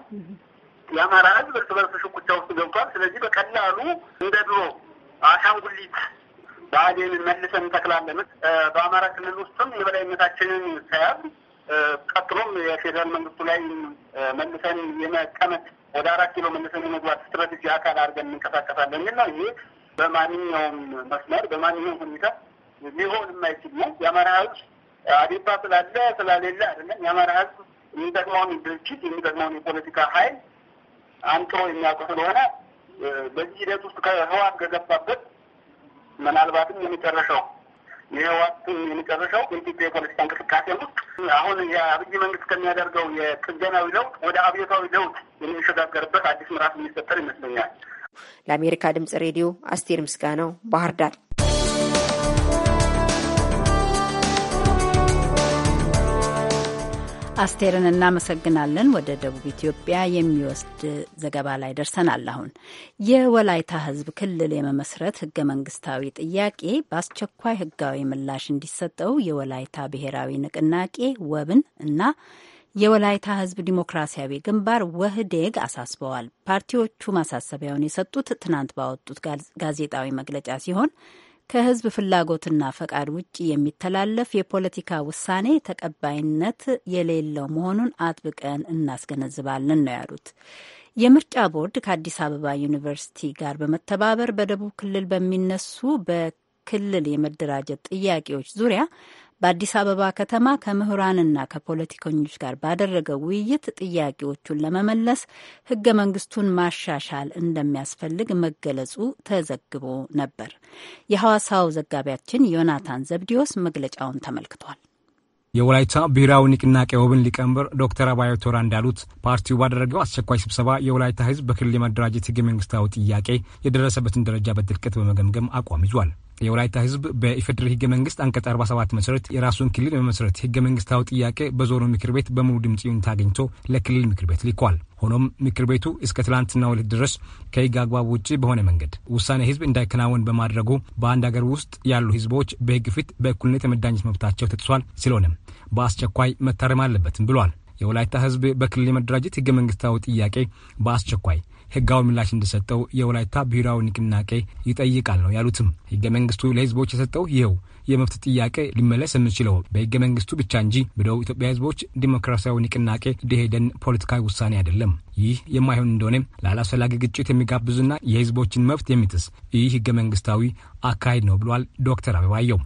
የአማራ ህዝብ እርስ በርስ ሽኩቻ ውስጥ ገብቷል። ስለዚህ በቀላሉ እንደ ድሮ አሻንጉሊት ብአዴንን መልሰን እንተክላለን። በአማራ ክልል ውስጥም የበላይነታችንን ሳያዝ ቀጥሎም የፌዴራል መንግስቱ ላይ መልሰን የመቀመጥ ወደ አራት ኪሎ መልሰን የመግባት ስትራቴጂ አካል አድርገን እንንቀሳቀሳለን የሚል ነው። ይህ በማንኛውም መስመር በማንኛውም ሁኔታ ሊሆን የማይችል ነው። የአማራ ህዝብ አዴፓ ስላለ ስላሌለ አይደለም። የአማራ ህዝብ የሚጠቅመውን ድርጅት የሚጠቅመውን የፖለቲካ ሀይል አንጥሮ የሚያውቁ ስለሆነ በዚህ ሂደት ውስጥ ከህዋት ከገባበት ምናልባትም የመጨረሻው የዋቱ የሚጨረሻው በኢትዮጵያ የፖለቲካ እንቅስቃሴ ውስጥ አሁን የአብይ መንግስት ከሚያደርገው የጥገናዊ ለውጥ ወደ አብዮታዊ ለውጥ የሚሸጋገርበት አዲስ ምዕራፍ የሚፈጠር ይመስለኛል። ለአሜሪካ ድምጽ ሬዲዮ አስቴር ምስጋናው ባህር ዳር። አስቴርን እናመሰግናለን። ወደ ደቡብ ኢትዮጵያ የሚወስድ ዘገባ ላይ ደርሰናል። አሁን የወላይታ ሕዝብ ክልል የመመስረት ህገ መንግስታዊ ጥያቄ በአስቸኳይ ህጋዊ ምላሽ እንዲሰጠው የወላይታ ብሔራዊ ንቅናቄ ወብን እና የወላይታ ህዝብ ዲሞክራሲያዊ ግንባር ወህዴግ አሳስበዋል። ፓርቲዎቹ ማሳሰቢያውን የሰጡት ትናንት ባወጡት ጋዜጣዊ መግለጫ ሲሆን ከህዝብ ፍላጎትና ፈቃድ ውጭ የሚተላለፍ የፖለቲካ ውሳኔ ተቀባይነት የሌለው መሆኑን አጥብቀን እናስገነዝባለን ነው ያሉት። የምርጫ ቦርድ ከአዲስ አበባ ዩኒቨርሲቲ ጋር በመተባበር በደቡብ ክልል በሚነሱ በክልል የመደራጀት ጥያቄዎች ዙሪያ በአዲስ አበባ ከተማ ከምሁራንና ከፖለቲከኞች ጋር ባደረገው ውይይት ጥያቄዎቹን ለመመለስ ህገ መንግስቱን ማሻሻል እንደሚያስፈልግ መገለጹ ተዘግቦ ነበር። የሐዋሳው ዘጋቢያችን ዮናታን ዘብዲዮስ መግለጫውን ተመልክቷል። የወላይታ ብሔራዊ ንቅናቄ ወብን ሊቀመንበር ዶክተር አባዮ ቶራ እንዳሉት ፓርቲው ባደረገው አስቸኳይ ስብሰባ የወላይታ ህዝብ በክልል የመደራጀት ህገ መንግስታዊ ጥያቄ የደረሰበትን ደረጃ በጥልቀት በመገምገም አቋም ይዟል። የወላይታ ህዝብ በኢፌዴሪ ህገ መንግስት አንቀጽ 47 መሰረት የራሱን ክልል በመሰረት ህገ መንግስታዊ ጥያቄ በዞኑ ምክር ቤት በሙሉ ድምፅ ይሁንታ አግኝቶ ለክልል ምክር ቤት ልኳል። ሆኖም ምክር ቤቱ እስከ ትላንትና ዕለት ድረስ ከህግ አግባብ ውጭ በሆነ መንገድ ውሳኔ ህዝብ እንዳይከናወን በማድረጉ በአንድ አገር ውስጥ ያሉ ህዝቦች በህግ ፊት በእኩልነት የመዳኘት መብታቸው ተጥሷል። ስለሆነም በአስቸኳይ መታረም አለበትም ብሏል። የወላይታ ህዝብ በክልል የመደራጀት ህገ መንግስታዊ ጥያቄ በአስቸኳይ ህጋዊ ምላሽ እንደሰጠው የወላይታ ብሔራዊ ንቅናቄ ይጠይቃል ነው ያሉትም። ህገ መንግስቱ ለህዝቦች የሰጠው ይኸው የመብት ጥያቄ ሊመለስ የምችለው በህገ መንግስቱ ብቻ እንጂ ብለው ኢትዮጵያ ህዝቦች ዲሞክራሲያዊ ንቅናቄ ደሄደን ፖለቲካዊ ውሳኔ አይደለም። ይህ የማይሆን እንደሆነ ላላስፈላጊ ግጭት የሚጋብዙና የህዝቦችን መብት የሚጥስ ይህ ህገ መንግስታዊ አካሄድ ነው ብሏል ዶክተር አበባየው።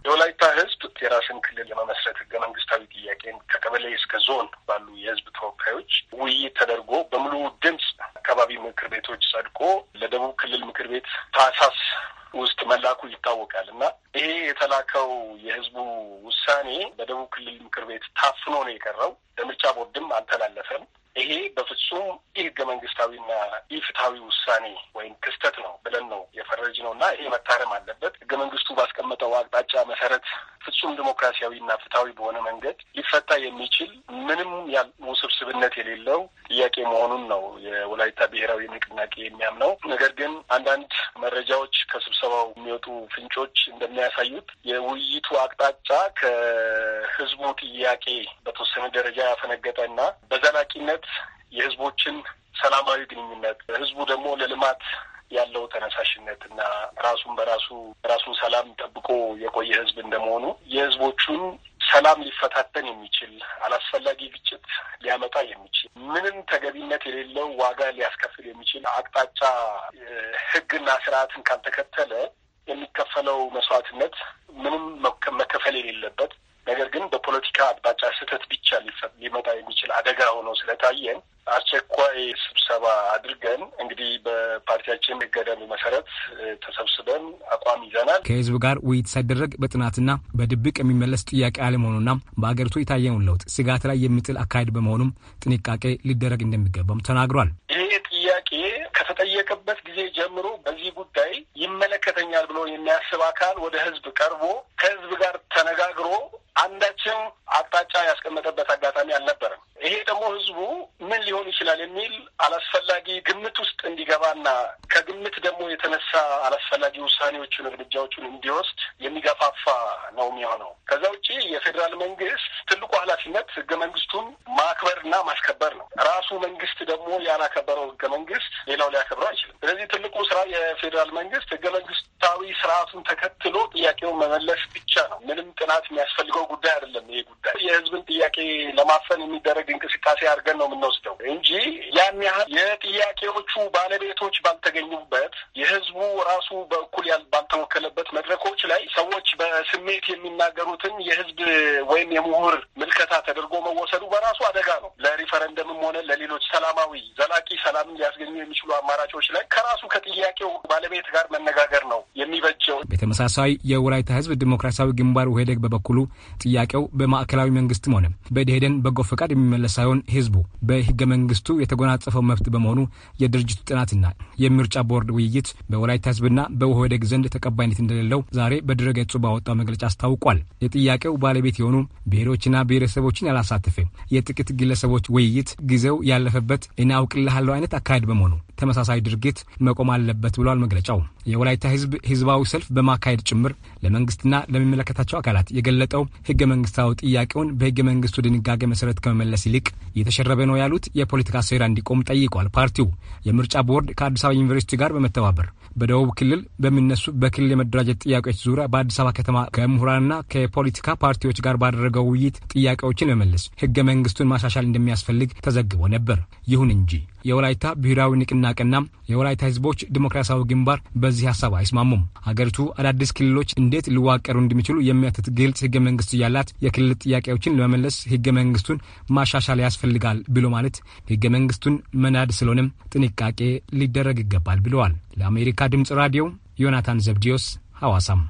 የራስን ክልል ለመመስረት ህገ መንግስታዊ ጥያቄን ከቀበሌ እስከ ዞን ባሉ የህዝብ ተወካዮች ውይይት ተደርጎ በሙሉ ድምፅ አካባቢ ምክር ቤቶች ጸድቆ ለደቡብ ክልል ምክር ቤት ታህሳስ ውስጥ መላኩ ይታወቃል እና ይሄ የተላከው የህዝቡ ውሳኔ በደቡብ ክልል ምክር ቤት ታፍኖ ነው የቀረው። ለምርጫ ቦርድም አልተላለፈም። ይሄ በፍጹም ኢህገ መንግስታዊና ኢፍትሐዊ ውሳኔ ወይም ክስተት ነው ብለን ነው የፈረጅ ነው እና ይሄ መታረም አለበት። ህገ መንግስቱ ባስቀመጠው አቅጣጫ መሰረት ፍጹም ዲሞክራሲያዊና ፍትሐዊ በሆነ መንገድ ሊፈታ የሚችል ምንም ያል ውስብስብነት የሌለው ጥያቄ መሆኑን ነው የወላይታ ብሔራዊ ንቅናቄ የሚያምነው። ነገር ግን አንዳንድ መረጃዎች ከስብሰባው የሚወጡ ፍንጮች እንደሚያሳዩት የውይይቱ አቅጣጫ ከህዝቡ ጥያቄ በተወሰነ ደረጃ ያፈነገጠ እና በዘላቂነት የህዝቦችን ሰላማዊ ግንኙነት ህዝቡ ደግሞ ለልማት ያለው ተነሳሽነት እና ራሱን በራሱ ራሱን ሰላም ጠብቆ የቆየ ህዝብ እንደመሆኑ የህዝቦቹን ሰላም ሊፈታተን የሚችል አላስፈላጊ ግጭት ሊያመጣ የሚችል ምንም ተገቢነት የሌለው ዋጋ ሊያስከፍል የሚችል አቅጣጫ ህግና ስርዓትን ካልተከተለ የሚከፈለው መስዋዕትነት ምንም መከፈል የሌለበት ነገር ግን በፖለቲካ አቅጣጫ ስህተት ብቻ ሊመጣ የሚችል አደጋ ሆኖ ስለታየን አስቸኳይ ስብሰባ አድርገን እንግዲህ በፓርቲያችን ገደብ መሰረት ተሰብስበን አቋም ይዘናል። ከህዝብ ጋር ውይይት ሳይደረግ በጥናትና በድብቅ የሚመለስ ጥያቄ አለመሆኑና በአገሪቱ የታየውን ለውጥ ስጋት ላይ የሚጥል አካሄድ በመሆኑም ጥንቃቄ ሊደረግ እንደሚገባም ተናግሯል። ይሄ ጥያቄ ከተጠየቀበት ጊዜ ጀምሮ በዚህ ጉዳይ ይመለከተኛል ብሎ የሚያስብ አካል ወደ ህዝብ ቀርቦ ከህዝብ ጋር ተነጋግሮ አንዳችም አቅጣጫ ያስቀመጠበት አጋጣሚ አልነበረም። ይሄ ደግሞ ህዝቡ ምን ሊሆን ይችላል የሚል አላስፈላጊ ግምት ውስጥ እንዲገባና ከግምት ደግሞ የተነሳ አላስፈላጊ ውሳኔዎቹን፣ እርምጃዎቹን እንዲወስድ የሚገፋፋ ነው የሚሆነው። ከዛ ውጭ የፌዴራል መንግስት ትልቁ ኃላፊነት ህገ መንግስቱን ማክበርና ማስከበር ነው። ራሱ መንግስት ደግሞ ያላከበረው ህገ መንግስት ሌላው ሊያከብረው አይችልም። ስለዚህ ትልቁ ስራ የፌዴራል መንግስት ህገ መንግስታዊ ስርዓቱን ተከትሎ ጥያቄውን መመለስ ብቻ ነው። ምንም ጥናት የሚያስፈልገው ጉዳይ አይደለም። ይሄ ጉዳይ የህዝብን ጥያቄ ለማፈን የሚደረግ እንቅስቃሴ አድርገን ነው የምንወስደው እንጂ ያን ያህል የጥያቄዎቹ ባለቤቶች ባልተገኙበት የህዝቡ ራሱ በእኩል ባልተወከለበት መድረኮች ላይ ሰዎች በስሜት የሚናገሩትን የህዝብ ወይም የምሁር ምልከታ ተደርጎ መወሰዱ በራሱ አደጋ ነው። ለሪፈረንደምም ሆነ ለሌሎች ሰላማዊ ዘላቂ ሰላምን ሊያስገኙ የሚችሉ አማራጮች ላይ ከራሱ ከጥያቄው ባለቤት ጋር መነጋገር ነው የሚበጀው። በተመሳሳይ የወላይታ ህዝብ ዲሞክራሲያዊ ግንባር ውሄደግ በበኩሉ ጥያቄው በማዕከላዊ መንግስትም ሆነ በደኢህዴን በጎ ፈቃድ የሚመለስ ሳይሆን ህዝቡ በህገ መንግስቱ የተጎናጸፈው መብት በመሆኑ የድርጅቱ ጥናትና የምርጫ ቦርድ ውይይት በወላይታ ህዝብና በውህደግ ዘንድ ተቀባይነት እንደሌለው ዛሬ በድረገጹ ባወጣው መግለጫ አስታውቋል። የጥያቄው ባለቤት የሆኑ ብሔሮችና ብሔረሰቦችን ያላሳተፈ የጥቂት ግለሰቦች ውይይት ጊዜው ያለፈበት እናውቅልሃለሁ አይነት አካሄድ በመሆኑ ተመሳሳይ ድርጊት መቆም አለበት ብሏል መግለጫው። የወላይታ ህዝብ ህዝባዊ ሰልፍ በማካሄድ ጭምር ለመንግስትና ለሚመለከታቸው አካላት የገለጠው ህገ መንግስታዊ ጥያቄውን በህገ መንግስቱ ድንጋጌ መሰረት ከመመለስ ይልቅ እየተሸረበ ነው ያሉት የፖለቲካ ሴራ እንዲቆም ጠይቋል። ፓርቲው የምርጫ ቦርድ ከአዲስ አበባ ዩኒቨርሲቲ ጋር በመተባበር በደቡብ ክልል በሚነሱ በክልል የመደራጀት ጥያቄዎች ዙሪያ በአዲስ አበባ ከተማ ከምሁራንና ከፖለቲካ ፓርቲዎች ጋር ባደረገው ውይይት ጥያቄዎችን ለመመለስ ህገ መንግስቱን ማሻሻል እንደሚያስፈልግ ተዘግቦ ነበር። ይሁን እንጂ የወላይታ ብሔራዊ ንቅናቄና የወላይታ ህዝቦች ዲሞክራሲያዊ ግንባር በዚህ ሀሳብ አይስማሙም። ሀገሪቱ አዳዲስ ክልሎች እንዴት ሊዋቀሩ እንደሚችሉ የሚያትት ግልጽ ህገ መንግስት ያላት የክልል ጥያቄዎችን ለመመለስ ህገ መንግስቱን ማሻሻል ያስፈልጋል ብሎ ማለት ህገ መንግስቱን መናድ ስለሆነም ጥንቃቄ ሊደረግ ይገባል ብለዋል። ለአሜሪካ ድምጽ ራዲዮ ዮናታን ዘብዲዮስ ሐዋሳም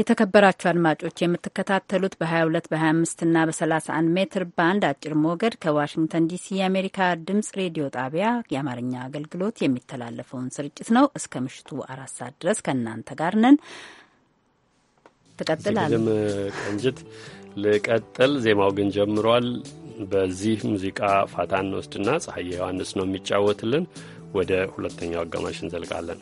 የተከበራችሁ አድማጮች የምትከታተሉት በ22 በ25 እና በ31 ሜትር ባንድ አጭር ሞገድ ከዋሽንግተን ዲሲ የአሜሪካ ድምፅ ሬዲዮ ጣቢያ የአማርኛ አገልግሎት የሚተላለፈውን ስርጭት ነው። እስከ ምሽቱ አራት ሰዓት ድረስ ከእናንተ ጋር ነን። ትቀጥላለም ቀንጅት? ልቀጥል። ዜማው ግን ጀምሯል። በዚህ ሙዚቃ ፋታ እንወስድና ፀሐየ ዮሐንስ ነው የሚጫወትልን። ወደ ሁለተኛው አጋማሽ እንዘልቃለን።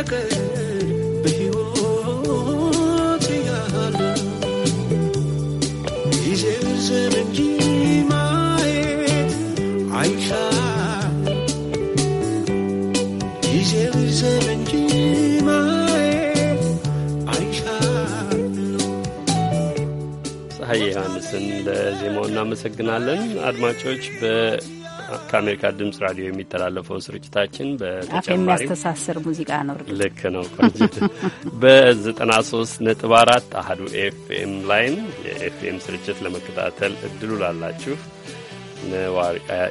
ፀሐይ ዮሐንስን ለዜማው እናመሰግናለን አድማጮች በ ከአሜሪካ ድምጽ ራዲዮ የሚተላለፈው ስርጭታችን በተጨማሪ የሚያስተሳስር ሙዚቃ ነው። ልክ ነው ቆንጅት። በ93 ነጥብ አህዱ ኤፍኤም ላይም የኤፍኤም ስርጭት ለመከታተል እድሉ ላላችሁ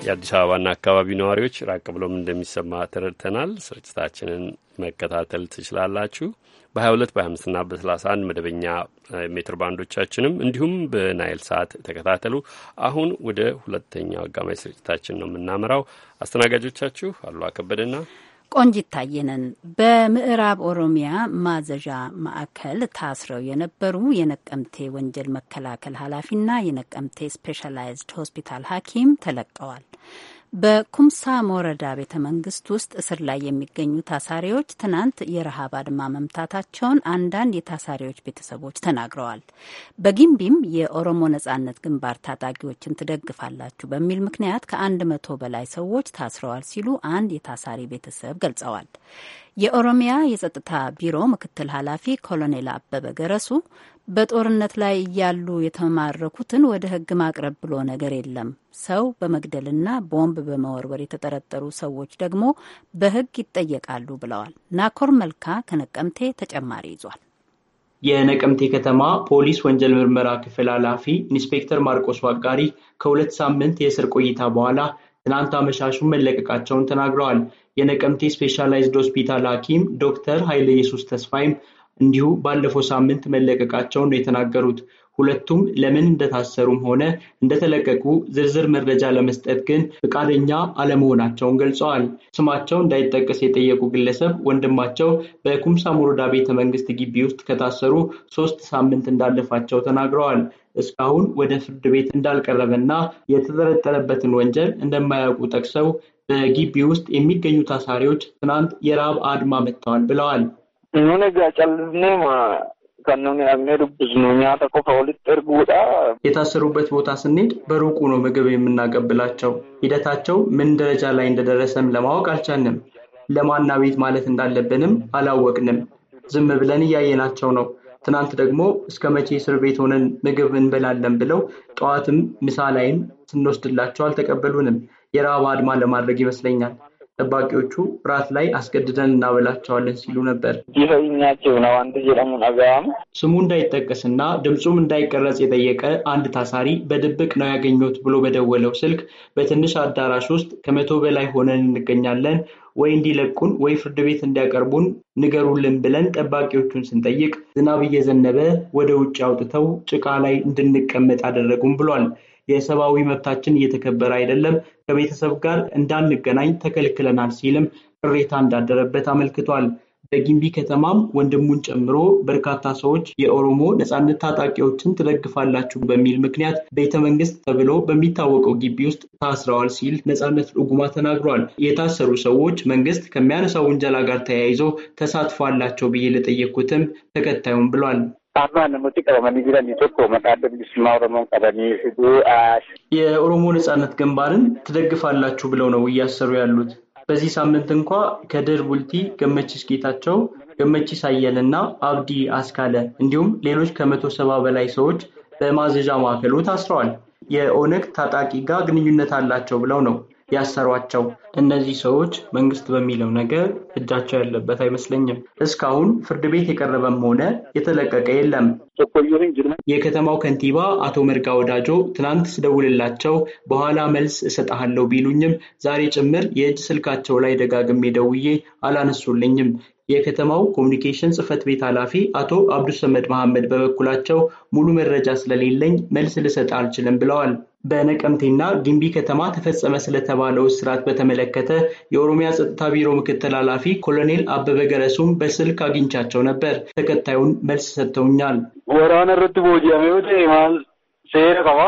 የአዲስ አበባና አካባቢ ነዋሪዎች ራቅ ብሎም እንደሚሰማ ተረድተናል። ስርጭታችንን መከታተል ትችላላችሁ። በ22 በ25ና በ31 መደበኛ ሜትር ባንዶቻችንም እንዲሁም በናይል ሰዓት ተከታተሉ። አሁን ወደ ሁለተኛው አጋማሽ ስርጭታችን ነው የምናመራው። አስተናጋጆቻችሁ አሉ አከበደና ቆንጂት ታየነን። በምዕራብ ኦሮሚያ ማዘዣ ማዕከል ታስረው የነበሩ የነቀምቴ ወንጀል መከላከል ኃላፊና የነቀምቴ ስፔሻላይዝድ ሆስፒታል ሐኪም ተለቀዋል። በኩምሳ ሞረዳ ቤተ መንግስት ውስጥ እስር ላይ የሚገኙ ታሳሪዎች ትናንት የረሃብ አድማ መምታታቸውን አንዳንድ የታሳሪዎች ቤተሰቦች ተናግረዋል። በጊምቢም የኦሮሞ ነጻነት ግንባር ታጣቂዎችን ትደግፋላችሁ በሚል ምክንያት ከአንድ መቶ በላይ ሰዎች ታስረዋል ሲሉ አንድ የታሳሪ ቤተሰብ ገልጸዋል። የኦሮሚያ የጸጥታ ቢሮ ምክትል ኃላፊ ኮሎኔል አበበ ገረሱ በጦርነት ላይ እያሉ የተማረኩትን ወደ ሕግ ማቅረብ ብሎ ነገር የለም። ሰው በመግደልና ቦምብ በመወርወር የተጠረጠሩ ሰዎች ደግሞ በሕግ ይጠየቃሉ ብለዋል። ናኮር መልካ ከነቀምቴ ተጨማሪ ይዟል። የነቀምቴ ከተማ ፖሊስ ወንጀል ምርመራ ክፍል ኃላፊ ኢንስፔክተር ማርቆስ ዋጋሪ ከሁለት ሳምንት የእስር ቆይታ በኋላ ትናንት አመሻሹን መለቀቃቸውን ተናግረዋል። የነቀምቴ ስፔሻላይዝድ ሆስፒታል ሐኪም ዶክተር ኃይለ ኢየሱስ ተስፋይም እንዲሁ ባለፈው ሳምንት መለቀቃቸውን ነው የተናገሩት። ሁለቱም ለምን እንደታሰሩም ሆነ እንደተለቀቁ ዝርዝር መረጃ ለመስጠት ግን ፈቃደኛ አለመሆናቸውን ገልጸዋል። ስማቸው እንዳይጠቀስ የጠየቁ ግለሰብ ወንድማቸው በኩምሳ ሞሮዳ ቤተ መንግስት ግቢ ውስጥ ከታሰሩ ሶስት ሳምንት እንዳለፋቸው ተናግረዋል። እስካሁን ወደ ፍርድ ቤት እንዳልቀረበና የተጠረጠረበትን ወንጀል እንደማያውቁ ጠቅሰው በግቢ ውስጥ የሚገኙ ታሳሪዎች ትናንት የረሃብ አድማ መጥተዋል ብለዋል። Nun egaa callisnee kan nuti dhaqnee dubbisnu nyaata qofa walitti erguudha. የታሰሩበት ቦታ ስንሄድ በሩቁ ነው ምግብ የምናቀብላቸው። ሂደታቸው ምን ደረጃ ላይ እንደደረሰም ለማወቅ አልቻልንም። ለማና ቤት ማለት እንዳለብንም አላወቅንም። ዝም ብለን እያየናቸው ነው። ትናንት ደግሞ እስከ መቼ እስር ቤት ሆነን ምግብ እንበላለን ብለው ጠዋትም ምሳ ላይም ስንወስድላቸው አልተቀበሉንም። የረሃብ አድማ ለማድረግ ይመስለኛል። ጠባቂዎቹ ራት ላይ አስገድደን እናበላቸዋለን ሲሉ ነበር። ስሙ እንዳይጠቀስና ድምፁም እንዳይቀረጽ የጠየቀ አንድ ታሳሪ በድብቅ ነው ያገኘሁት ብሎ በደወለው ስልክ በትንሽ አዳራሽ ውስጥ ከመቶ በላይ ሆነን እንገኛለን፣ ወይ እንዲለቁን ወይ ፍርድ ቤት እንዲያቀርቡን ንገሩልን ብለን ጠባቂዎቹን ስንጠይቅ ዝናብ እየዘነበ ወደ ውጭ አውጥተው ጭቃ ላይ እንድንቀመጥ አደረጉም ብሏል። የሰብአዊ መብታችን እየተከበረ አይደለም፣ ከቤተሰብ ጋር እንዳንገናኝ ተከልክለናል ሲልም ቅሬታ እንዳደረበት አመልክቷል። በጊምቢ ከተማም ወንድሙን ጨምሮ በርካታ ሰዎች የኦሮሞ ነፃነት ታጣቂዎችን ትደግፋላችሁ በሚል ምክንያት ቤተ መንግስት ተብሎ በሚታወቀው ግቢ ውስጥ ታስረዋል ሲል ነፃነት ዱጉማ ተናግሯል። የታሰሩ ሰዎች መንግስት ከሚያነሳው ውንጀላ ጋር ተያይዞ ተሳትፏላቸው አላቸው ብዬ ለጠየኩትም ተከታዩም ብሏል። አባን ነሞቲ ቀበመኒ ጅረኒ ቶኮ መቃደ ብልሱማ ኦሮሞን ቀበኒ ሂዱ የኦሮሞ ነጻነት ግንባርን ትደግፋላችሁ ብለው ነው እያሰሩ ያሉት። በዚህ ሳምንት እንኳ ከድር ቡልቲ፣ ገመችስ ጌታቸው፣ ገመቺስ አየለ እና አብዲ አስካለ እንዲሁም ሌሎች ከመቶ ሰባ በላይ ሰዎች በማዘዣ ማዕከሉ ታስረዋል። የኦነግ ታጣቂ ጋር ግንኙነት አላቸው ብለው ነው ያሰሯቸው እነዚህ ሰዎች መንግስት በሚለው ነገር እጃቸው ያለበት አይመስለኝም። እስካሁን ፍርድ ቤት የቀረበም ሆነ የተለቀቀ የለም። የከተማው ከንቲባ አቶ መርጋ ወዳጆ ትናንት ስደውልላቸው በኋላ መልስ እሰጥሃለሁ ቢሉኝም ዛሬ ጭምር የእጅ ስልካቸው ላይ ደጋግሜ ደውዬ አላነሱልኝም። የከተማው ኮሚኒኬሽን ጽህፈት ቤት ኃላፊ አቶ አብዱሰመድ መሐመድ በበኩላቸው ሙሉ መረጃ ስለሌለኝ መልስ ልሰጥ አልችልም ብለዋል። በነቀምቴና ግንቢ ከተማ ተፈጸመ ስለተባለው እስራት በተመለከተ የኦሮሚያ ጸጥታ ቢሮ ምክትል ኃላፊ ኮሎኔል አበበ ገረሱም በስልክ አግኝቻቸው ነበር። ተከታዩን መልስ ሰጥተውኛል። ወራነ ረት ቦጂያሜ ማል ሴራ ቀባ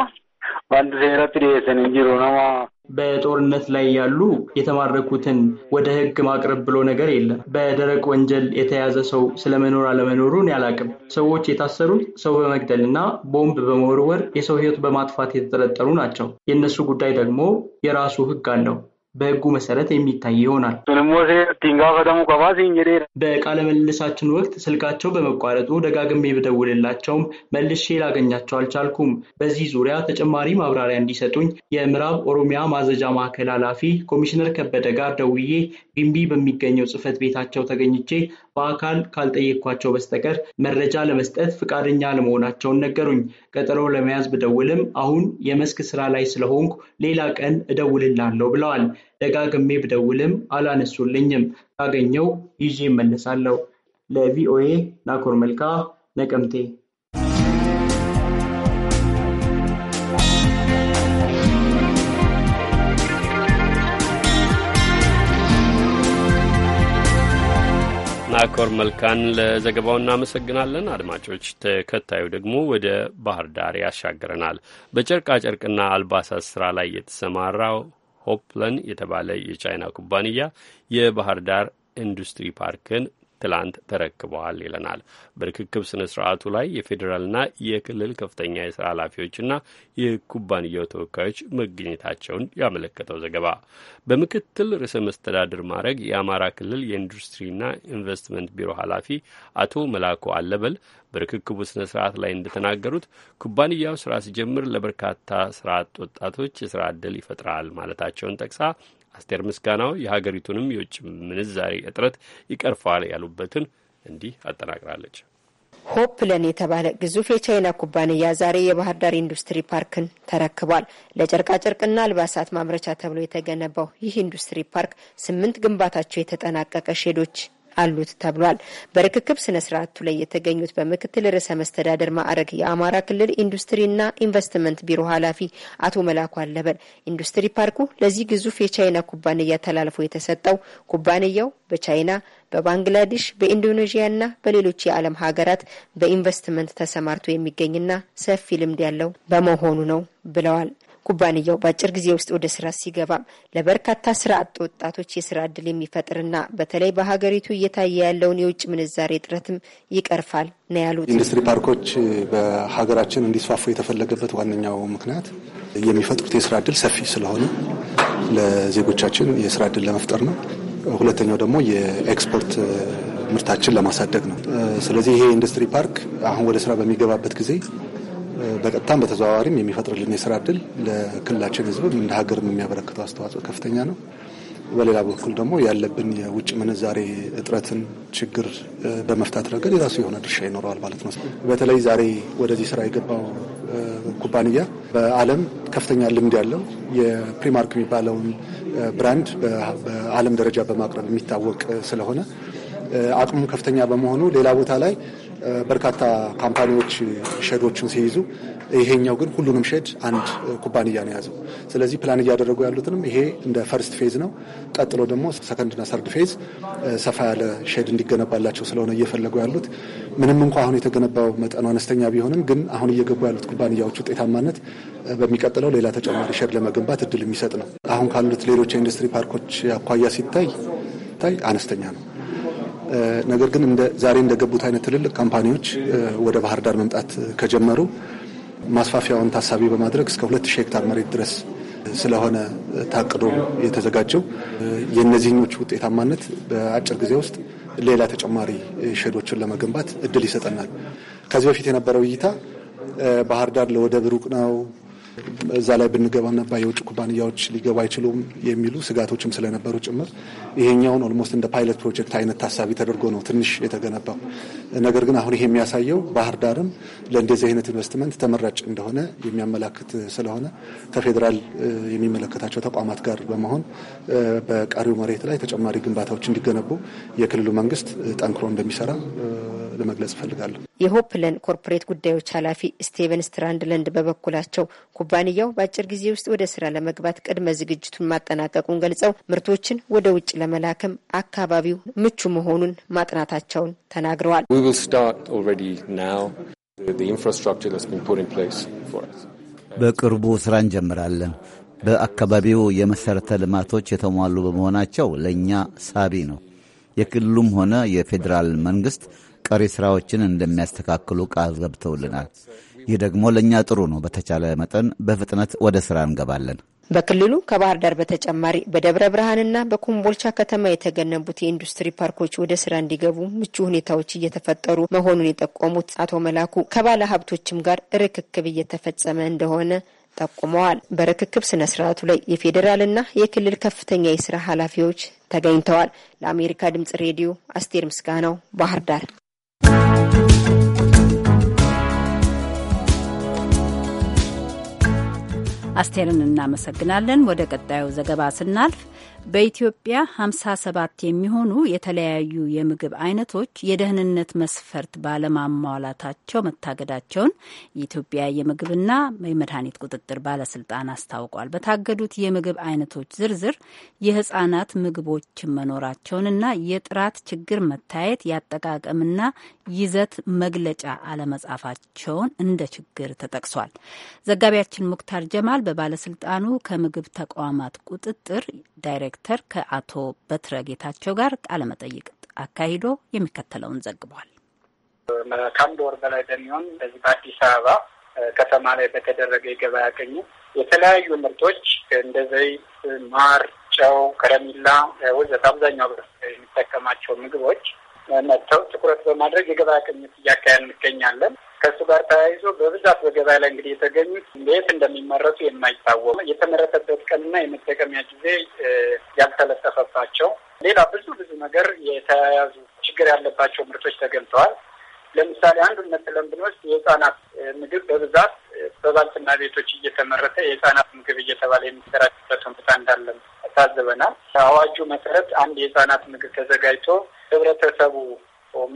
ባንድ ሴረት ደሰን እንጂ ነማ በጦርነት ላይ ያሉ የተማረኩትን ወደ ህግ ማቅረብ ብሎ ነገር የለም። በደረቅ ወንጀል የተያዘ ሰው ስለመኖር አለመኖሩን ያላቅም። ሰዎች የታሰሩት ሰው በመግደል እና ቦምብ በመወርወር የሰው ህይወት በማጥፋት የተጠረጠሩ ናቸው። የእነሱ ጉዳይ ደግሞ የራሱ ህግ አለው። በህጉ መሰረት የሚታይ ይሆናል። በቃለ ወቅት ስልካቸው በመቋረጡ ደጋግሜ ብደውልላቸውም መልሼ ላገኛቸው አልቻልኩም። በዚህ ዙሪያ ተጨማሪ ማብራሪያ እንዲሰጡኝ የምዕራብ ኦሮሚያ ማዘጃ ማዕከል ኃላፊ ኮሚሽነር ከበደ ጋር ደውዬ ግንቢ በሚገኘው ጽህፈት ቤታቸው ተገኝቼ በአካል ካልጠየኳቸው በስተቀር መረጃ ለመስጠት ፈቃደኛ ለመሆናቸውን ነገሩኝ። ቀጠሮ ለመያዝ ብደውልም አሁን የመስክ ስራ ላይ ስለሆንኩ ሌላ ቀን እደውልላለሁ ብለዋል። ደጋግሜ ብደውልም አላነሱልኝም። ካገኘው ይዤ እመለሳለሁ። ለቪኦኤ ናኮር መልካ ነቀምቴ። ናኮር መልካን ለዘገባው እናመሰግናለን። አድማጮች፣ ተከታዩ ደግሞ ወደ ባህር ዳር ያሻግረናል። በጨርቃ ጨርቅና አልባሳት ስራ ላይ የተሰማራው ሆፕለን የተባለ የቻይና ኩባንያ የባህር ዳር ኢንዱስትሪ ፓርክን ትላንት ተረክበዋል ይለናል። በርክክብ ስነ ስርዓቱ ላይ የፌዴራልና የክልል ከፍተኛ የስራ ኃላፊዎችና የኩባንያው ተወካዮች መገኘታቸውን ያመለከተው ዘገባ በምክትል ርዕሰ መስተዳድር ማድረግ የአማራ ክልል የኢንዱስትሪና ኢንቨስትመንት ቢሮ ኃላፊ አቶ መላኩ አለበል በርክክቡ ስነ ስርዓት ላይ እንደተናገሩት ኩባንያው ስራ ሲጀምር ለበርካታ ስራ አጥ ወጣቶች የስራ ዕድል ይፈጥራል ማለታቸውን ጠቅሳ አስቴር ምስጋናው የሀገሪቱንም የውጭ ምንዛሪ እጥረት ይቀርፈዋል ያሉበትን እንዲህ አጠናቅራለች። ሆፕለን የተባለ ግዙፍ የቻይና ኩባንያ ዛሬ የባህር ዳር ኢንዱስትሪ ፓርክን ተረክቧል። ለጨርቃጨርቅና አልባሳት ማምረቻ ተብሎ የተገነባው ይህ ኢንዱስትሪ ፓርክ ስምንት ግንባታቸው የተጠናቀቀ ሼዶች አሉት ተብሏል። በርክክብ ስነ ስርዓቱ ላይ የተገኙት በምክትል ርዕሰ መስተዳደር ማዕረግ የአማራ ክልል ኢንዱስትሪና ኢንቨስትመንት ቢሮ ኃላፊ አቶ መላኩ አለበል ኢንዱስትሪ ፓርኩ ለዚህ ግዙፍ የቻይና ኩባንያ ተላልፎ የተሰጠው ኩባንያው በቻይና በባንግላዴሽ በኢንዶኔዥያና በሌሎች የዓለም ሀገራት በኢንቨስትመንት ተሰማርቶ የሚገኝና ሰፊ ልምድ ያለው በመሆኑ ነው ብለዋል። ኩባንያው በአጭር ጊዜ ውስጥ ወደ ስራ ሲገባም ለበርካታ ስራ አጥ ወጣቶች የስራ እድል የሚፈጥርና በተለይ በሀገሪቱ እየታየ ያለውን የውጭ ምንዛሬ እጥረትም ይቀርፋል ነው ያሉት። ኢንዱስትሪ ፓርኮች በሀገራችን እንዲስፋፉ የተፈለገበት ዋነኛው ምክንያት የሚፈጥሩት የስራ እድል ሰፊ ስለሆነ ለዜጎቻችን የስራ እድል ለመፍጠር ነው። ሁለተኛው ደግሞ የኤክስፖርት ምርታችን ለማሳደግ ነው። ስለዚህ ይሄ ኢንዱስትሪ ፓርክ አሁን ወደ ስራ በሚገባበት ጊዜ በቀጥታም በተዘዋዋሪም የሚፈጥርልን የስራ እድል ለክልላችን ህዝብ እንደ ሀገርም የሚያበረክተው አስተዋጽኦ ከፍተኛ ነው። በሌላ በኩል ደግሞ ያለብን የውጭ ምንዛሬ እጥረትን ችግር በመፍታት ረገድ የራሱ የሆነ ድርሻ ይኖረዋል ማለት ነው። በተለይ ዛሬ ወደዚህ ስራ የገባው ኩባንያ በዓለም ከፍተኛ ልምድ ያለው የፕሪማርክ የሚባለውን ብራንድ በዓለም ደረጃ በማቅረብ የሚታወቅ ስለሆነ አቅሙ ከፍተኛ በመሆኑ ሌላ ቦታ ላይ በርካታ ካምፓኒዎች ሸዶችን ሲይዙ ይሄኛው ግን ሁሉንም ሸድ አንድ ኩባንያ ነው የያዘው። ስለዚህ ፕላን እያደረጉ ያሉትንም ይሄ እንደ ፈርስት ፌዝ ነው። ቀጥሎ ደግሞ ሰከንድና ሰርድ ፌዝ ሰፋ ያለ ሼድ እንዲገነባላቸው ስለሆነ እየፈለጉ ያሉት። ምንም እንኳ አሁን የተገነባው መጠኑ አነስተኛ ቢሆንም ግን አሁን እየገቡ ያሉት ኩባንያዎች ውጤታማነት በሚቀጥለው ሌላ ተጨማሪ ሼድ ለመገንባት እድል የሚሰጥ ነው። አሁን ካሉት ሌሎች የኢንዱስትሪ ፓርኮች አኳያ ሲታይ አነስተኛ ነው። ነገር ግን ዛሬ እንደገቡት አይነት ትልልቅ ካምፓኒዎች ወደ ባህር ዳር መምጣት ከጀመሩ ማስፋፊያውን ታሳቢ በማድረግ እስከ ሁለት ሺህ ሄክታር መሬት ድረስ ስለሆነ ታቅዶ የተዘጋጀው የእነዚህኞች ውጤታማነት በአጭር ጊዜ ውስጥ ሌላ ተጨማሪ ሼዶችን ለመገንባት እድል ይሰጠናል። ከዚህ በፊት የነበረው እይታ ባህር ዳር ለወደብ ሩቅ ነው፣ እዛ ላይ ብንገባና የውጭ ኩባንያዎች ሊገቡ አይችሉም የሚሉ ስጋቶችም ስለነበሩ ጭምር ይሄኛውን ኦልሞስት እንደ ፓይለት ፕሮጀክት አይነት ታሳቢ ተደርጎ ነው ትንሽ የተገነባው። ነገር ግን አሁን ይሄ የሚያሳየው ባህር ዳርም ለእንደዚህ አይነት ኢንቨስትመንት ተመራጭ እንደሆነ የሚያመላክት ስለሆነ ከፌዴራል የሚመለከታቸው ተቋማት ጋር በመሆን በቀሪው መሬት ላይ ተጨማሪ ግንባታዎች እንዲገነቡ የክልሉ መንግስት ጠንክሮ እንደሚሰራ ለመግለጽ እፈልጋለሁ። የሆፕለን ኮርፖሬት ጉዳዮች ኃላፊ ስቴቨን ስትራንድለንድ በበኩላቸው ኩባንያው በአጭር ጊዜ ውስጥ ወደ ስራ ለመግባት ቅድመ ዝግጅቱን ማጠናቀቁን ገልጸው ምርቶችን ወደ ውጭ ለመላክም አካባቢው ምቹ መሆኑን ማጥናታቸውን ተናግረዋል። በቅርቡ ስራ እንጀምራለን። በአካባቢው የመሠረተ ልማቶች የተሟሉ በመሆናቸው ለእኛ ሳቢ ነው። የክልሉም ሆነ የፌዴራል መንግሥት ቀሪ ስራዎችን እንደሚያስተካክሉ ቃል ገብተውልናል። ይህ ደግሞ ለእኛ ጥሩ ነው። በተቻለ መጠን በፍጥነት ወደ ስራ እንገባለን። በክልሉ ከባህር ዳር በተጨማሪ በደብረ ብርሃንና በኮምቦልቻ ከተማ የተገነቡት የኢንዱስትሪ ፓርኮች ወደ ስራ እንዲገቡ ምቹ ሁኔታዎች እየተፈጠሩ መሆኑን የጠቆሙት አቶ መላኩ ከባለ ሀብቶችም ጋር ርክክብ እየተፈጸመ እንደሆነ ጠቁመዋል። በርክክብ ስነ ስርዓቱ ላይ የፌዴራልና የክልል ከፍተኛ የስራ ኃላፊዎች ተገኝተዋል። ለአሜሪካ ድምጽ ሬዲዮ አስቴር ምስጋናው ባህር ዳር አስቴርን እናመሰግናለን። ወደ ቀጣዩ ዘገባ ስናልፍ በኢትዮጵያ 57 የሚሆኑ የተለያዩ የምግብ አይነቶች የደህንነት መስፈርት ባለማሟላታቸው መታገዳቸውን የኢትዮጵያ የምግብና የመድኃኒት ቁጥጥር ባለስልጣን አስታውቋል። በታገዱት የምግብ አይነቶች ዝርዝር የህጻናት ምግቦች መኖራቸውንና የጥራት ችግር መታየት የአጠቃቀምና ይዘት መግለጫ አለመጻፋቸውን እንደ ችግር ተጠቅሷል። ዘጋቢያችን ሙክታር ጀማል በባለስልጣኑ ከምግብ ተቋማት ቁጥጥር ዳይሬክ ዳይሬክተር ከአቶ በትረ ጌታቸው ጋር መጠይቅ አካሂዶ የሚከተለውን ዘግቧል። ከአንድ ወር በላይ በሚሆን በዚህ በአዲስ አበባ ከተማ ላይ በተደረገ የገበያ ቅኝት የተለያዩ ምርቶች እንደ ዘይት፣ ማር፣ ጨው፣ ከረሚላ ወዘተ አብዛኛው የሚጠቀማቸው ምግቦች መጥተው ትኩረት በማድረግ የገበያ ቅኝት እያካሄድ እንገኛለን። ከእሱ ጋር ተያይዞ በብዛት በገበያ ላይ እንግዲህ የተገኙት እንዴት እንደሚመረቱ የማይታወቅ የተመረተበት ቀንና የመጠቀሚያ ጊዜ ያልተለጠፈባቸው ሌላ ብዙ ብዙ ነገር የተያያዙ ችግር ያለባቸው ምርቶች ተገኝተዋል። ለምሳሌ አንዱ መስለን ብንወስድ የህጻናት ምግብ በብዛት በባልትና ቤቶች እየተመረተ የህጻናት ምግብ እየተባለ የሚሰራጭበት ሁኔታ እንዳለም ታዝበናል። አዋጁ መሰረት አንድ የህጻናት ምግብ ተዘጋጅቶ ህብረተሰቡ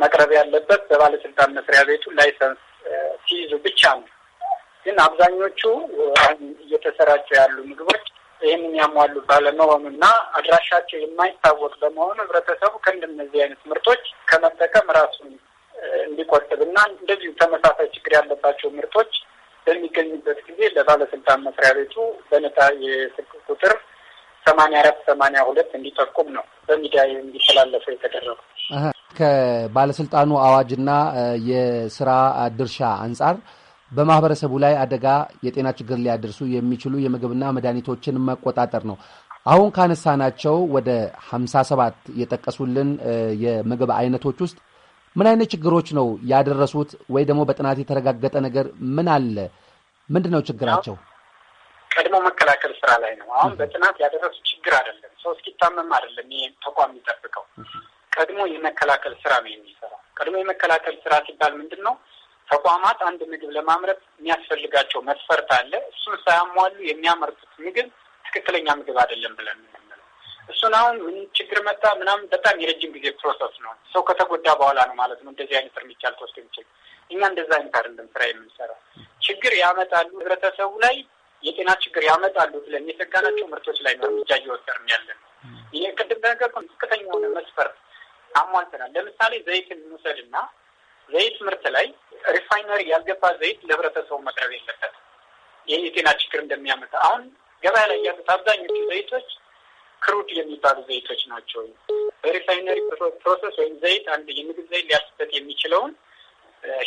መቅረብ ያለበት በባለስልጣን መስሪያ ቤቱ ላይሰንስ ሲይዙ ብቻ ነው። ግን አብዛኞቹ እየተሰራጩ ያሉ ምግቦች ይህን ያሟሉ ባለመሆኑና አድራሻቸው የማይታወቅ በመሆኑ ህብረተሰቡ ከእንደነዚህ አይነት ምርቶች ከመጠቀም ራሱን እንዲቆጥብና እንደዚሁ ተመሳሳይ ችግር ያለባቸው ምርቶች በሚገኙበት ጊዜ ለባለስልጣን መስሪያ ቤቱ በነፃ የስልክ ቁጥር ሰማንያ አራት ሰማንያ ሁለት እንዲጠቁም ነው በሚዲያ እንዲተላለፈው የተደረጉ። ከባለስልጣኑ አዋጅና የስራ ድርሻ አንጻር በማህበረሰቡ ላይ አደጋ የጤና ችግር ሊያደርሱ የሚችሉ የምግብና መድኃኒቶችን መቆጣጠር ነው። አሁን ካነሳናቸው ወደ 57 የጠቀሱልን የምግብ አይነቶች ውስጥ ምን አይነት ችግሮች ነው ያደረሱት? ወይ ደግሞ በጥናት የተረጋገጠ ነገር ምን አለ? ምንድን ነው ችግራቸው? ቀድሞ መከላከል ስራ ላይ ነው። አሁን በጥናት ያደረሱ ችግር አይደለም። ሰው እስኪታመም አይደለም ይህ ተቋም የሚጠብቀው ቀድሞ የመከላከል ስራ ነው የሚሰራ። ቀድሞ የመከላከል ስራ ሲባል ምንድን ነው? ተቋማት አንድ ምግብ ለማምረት የሚያስፈልጋቸው መስፈርት አለ። እሱን ሳያሟሉ የሚያመርቱት ምግብ ትክክለኛ ምግብ አይደለም ብለን የምንለው እሱን አሁን ምን ችግር መጣ ምናምን በጣም የረጅም ጊዜ ፕሮሰስ ነው። ሰው ከተጎዳ በኋላ ነው ማለት ነው እንደዚህ አይነት እርምጃ ልትወስድ የሚችል። እኛ እንደዛ አይነት አይደለም ስራ የምንሰራ። ችግር ያመጣሉ፣ ህብረተሰቡ ላይ የጤና ችግር ያመጣሉ ብለን የሰጋናቸው ምርቶች ላይ ነው እርምጃ እየወሰድን ያለን። ይህ ቅድም በነገር ዝቅተኛ የሆነ መስፈርት አሟልተናል። ለምሳሌ ዘይትን እንውሰድና ዘይት ምርት ላይ ሪፋይነሪ ያልገባ ዘይት ለህብረተሰቡ መቅረብ የለበትም። ይህ የጤና ችግር እንደሚያመጣ አሁን ገበያ ላይ ያሉት አብዛኞቹ ዘይቶች ክሩድ የሚባሉ ዘይቶች ናቸው። በሪፋይነሪ ፕሮሰስ ወይም ዘይት አንድ የምግብ ዘይት ሊያስበት የሚችለውን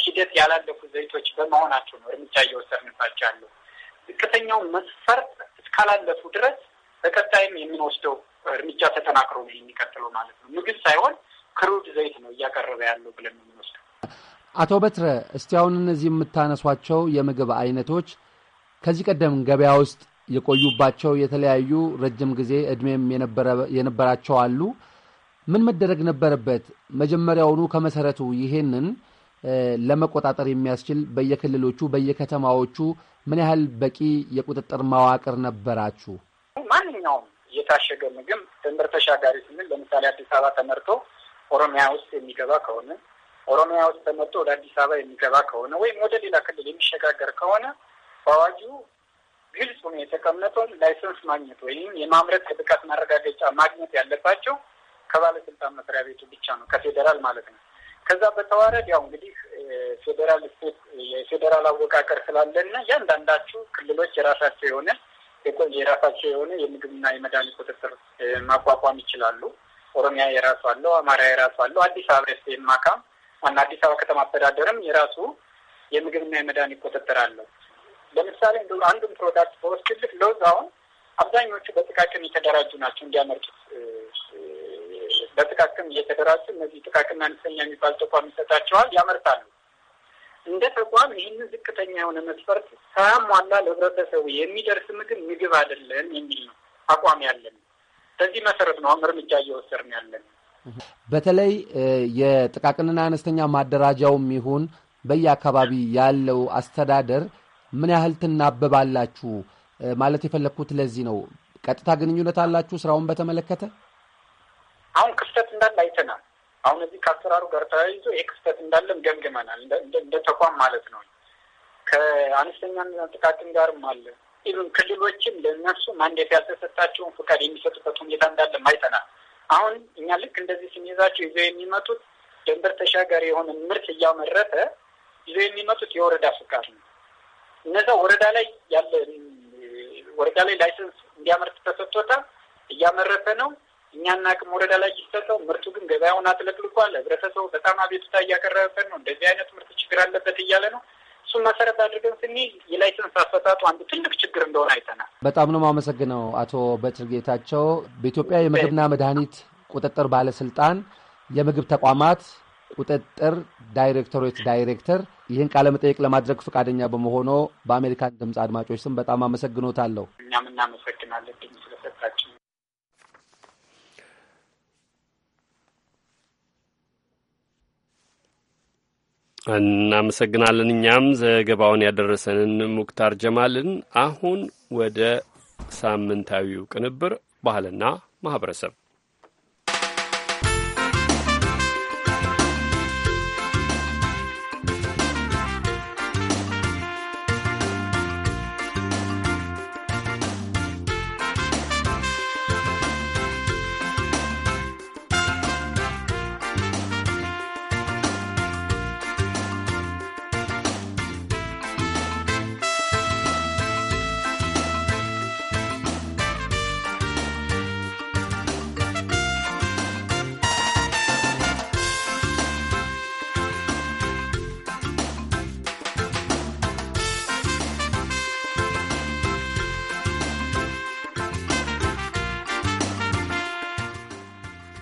ሂደት ያላለፉ ዘይቶች በመሆናቸው ነው እርምጃ እየወሰድንባቸው ያለው። ዝቅተኛው መስፈርት እስካላለፉ ድረስ በቀጣይም የምንወስደው እርምጃ ተጠናክሮ ነው የሚቀጥለው ማለት ነው። ምግብ ሳይሆን ክሩድ ዘይት ነው እያቀረበ ያለው ብለን ነው የምንወስደው። አቶ በትረ እስቲ አሁን እነዚህ የምታነሷቸው የምግብ አይነቶች ከዚህ ቀደም ገበያ ውስጥ የቆዩባቸው የተለያዩ ረጅም ጊዜ እድሜም የነበራቸው አሉ። ምን መደረግ ነበረበት? መጀመሪያውኑ ከመሰረቱ ይሄንን ለመቆጣጠር የሚያስችል በየክልሎቹ በየከተማዎቹ ምን ያህል በቂ የቁጥጥር መዋቅር ነበራችሁ? ማንኛውም የታሸገ ምግብ ድንበር ተሻጋሪ ስንል ለምሳሌ አዲስ አበባ ተመርቶ ኦሮሚያ ውስጥ የሚገባ ከሆነ ኦሮሚያ ውስጥ ተመርጦ ወደ አዲስ አበባ የሚገባ ከሆነ ወይም ወደ ሌላ ክልል የሚሸጋገር ከሆነ በአዋጁ ግልጽ ሆኖ የተቀመጠውን ላይሰንስ ማግኘት ወይም የማምረት የብቃት ማረጋገጫ ማግኘት ያለባቸው ከባለስልጣን መስሪያ ቤቱ ብቻ ነው፣ ከፌዴራል ማለት ነው። ከዛ በተዋረድ ያው እንግዲህ ፌዴራል ስቴት የፌዴራል አወቃቀር ስላለና እያንዳንዳችሁ ክልሎች የራሳቸው የሆነ የራሳቸው የሆነ የምግብና የመድኃኒት ቁጥጥር ማቋቋም ይችላሉ። ኦሮሚያ የራሱ አለው፣ አማራ የራሱ አለው። አዲስ አበባ ስ ማካ ዋና አዲስ አበባ ከተማ አስተዳደርም የራሱ የምግብና የመድኃኒት ቁጥጥር አለው። ለምሳሌ እንደ አንዱን ፕሮዳክት በውስጥ ትልቅ ለውዝ አሁን አብዛኞቹ በጥቃቅን የተደራጁ ናቸው እንዲያመርጡት በጥቃቅም እየተደራጁ እነዚህ ጥቃቅንና አነስተኛ የሚባል ተቋም ይሰጣቸዋል፣ ያመርታሉ። እንደ ተቋም ይህን ዝቅተኛ የሆነ መስፈርት ሳያሟላ ለህብረተሰቡ የሚደርስ ምግብ ምግብ አይደለም የሚል ነው አቋም ያለን። በዚህ መሰረት ነው አሁን እርምጃ እየወሰድን ያለን። በተለይ የጥቃቅንና አነስተኛ ማደራጃውም ይሁን በየአካባቢ ያለው አስተዳደር ምን ያህል ትናበባላችሁ ማለት የፈለግኩት ለዚህ ነው። ቀጥታ ግንኙነት አላችሁ ስራውን በተመለከተ አሁን ክፍተት እንዳለ አይተናል። አሁን እዚህ ከአሰራሩ ጋር ተያይዞ ይህ ክፍተት እንዳለም ገምግመናል። እንደ ተቋም ማለት ነው። ከአነስተኛ ጥቃቅን ጋርም አለ ኢቭን ክልሎችም ለእነሱ ማንዴት ያልተሰጣቸውን ፍቃድ የሚሰጡበት ሁኔታ እንዳለ አይተናል። አሁን እኛ ልክ እንደዚህ ስንይዛቸው ይዘው የሚመጡት ድንበር ተሻጋሪ የሆነ ምርት እያመረተ ይዘው የሚመጡት የወረዳ ፍቃድ ነው። እነዛ ወረዳ ላይ ያለ ወረዳ ላይ ላይሰንስ እንዲያመርት ተሰጥቶታ እያመረተ ነው። እኛና አቅም ወረዳ ላይ ይሰጠው። ምርቱ ግን ገበያውን አጥለቅልቋል። ህብረተሰቡ በጣም አቤቱታ እያቀረበበት ነው። እንደዚህ አይነት ምርት ችግር አለበት እያለ ነው። እሱን መሰረት አድርገን ስንል የላይሰንስ አሰጣጡ አንዱ ትልቅ ችግር እንደሆነ አይተናል። በጣም ነው የማመሰግነው አቶ በትር ጌታቸው በኢትዮጵያ የምግብና መድኃኒት ቁጥጥር ባለስልጣን የምግብ ተቋማት ቁጥጥር ዳይሬክተሮች ዳይሬክተር ይህን ቃለ መጠየቅ ለማድረግ ፈቃደኛ በመሆኑ በአሜሪካን ድምፅ አድማጮች ስም በጣም አመሰግኖታለሁ። እኛም እናመሰግናለን ስለሰጣችሁ። እናመሰግናለን። እኛም ዘገባውን ያደረሰንን ሙክታር ጀማልን። አሁን ወደ ሳምንታዊው ቅንብር ባህልና ማህበረሰብ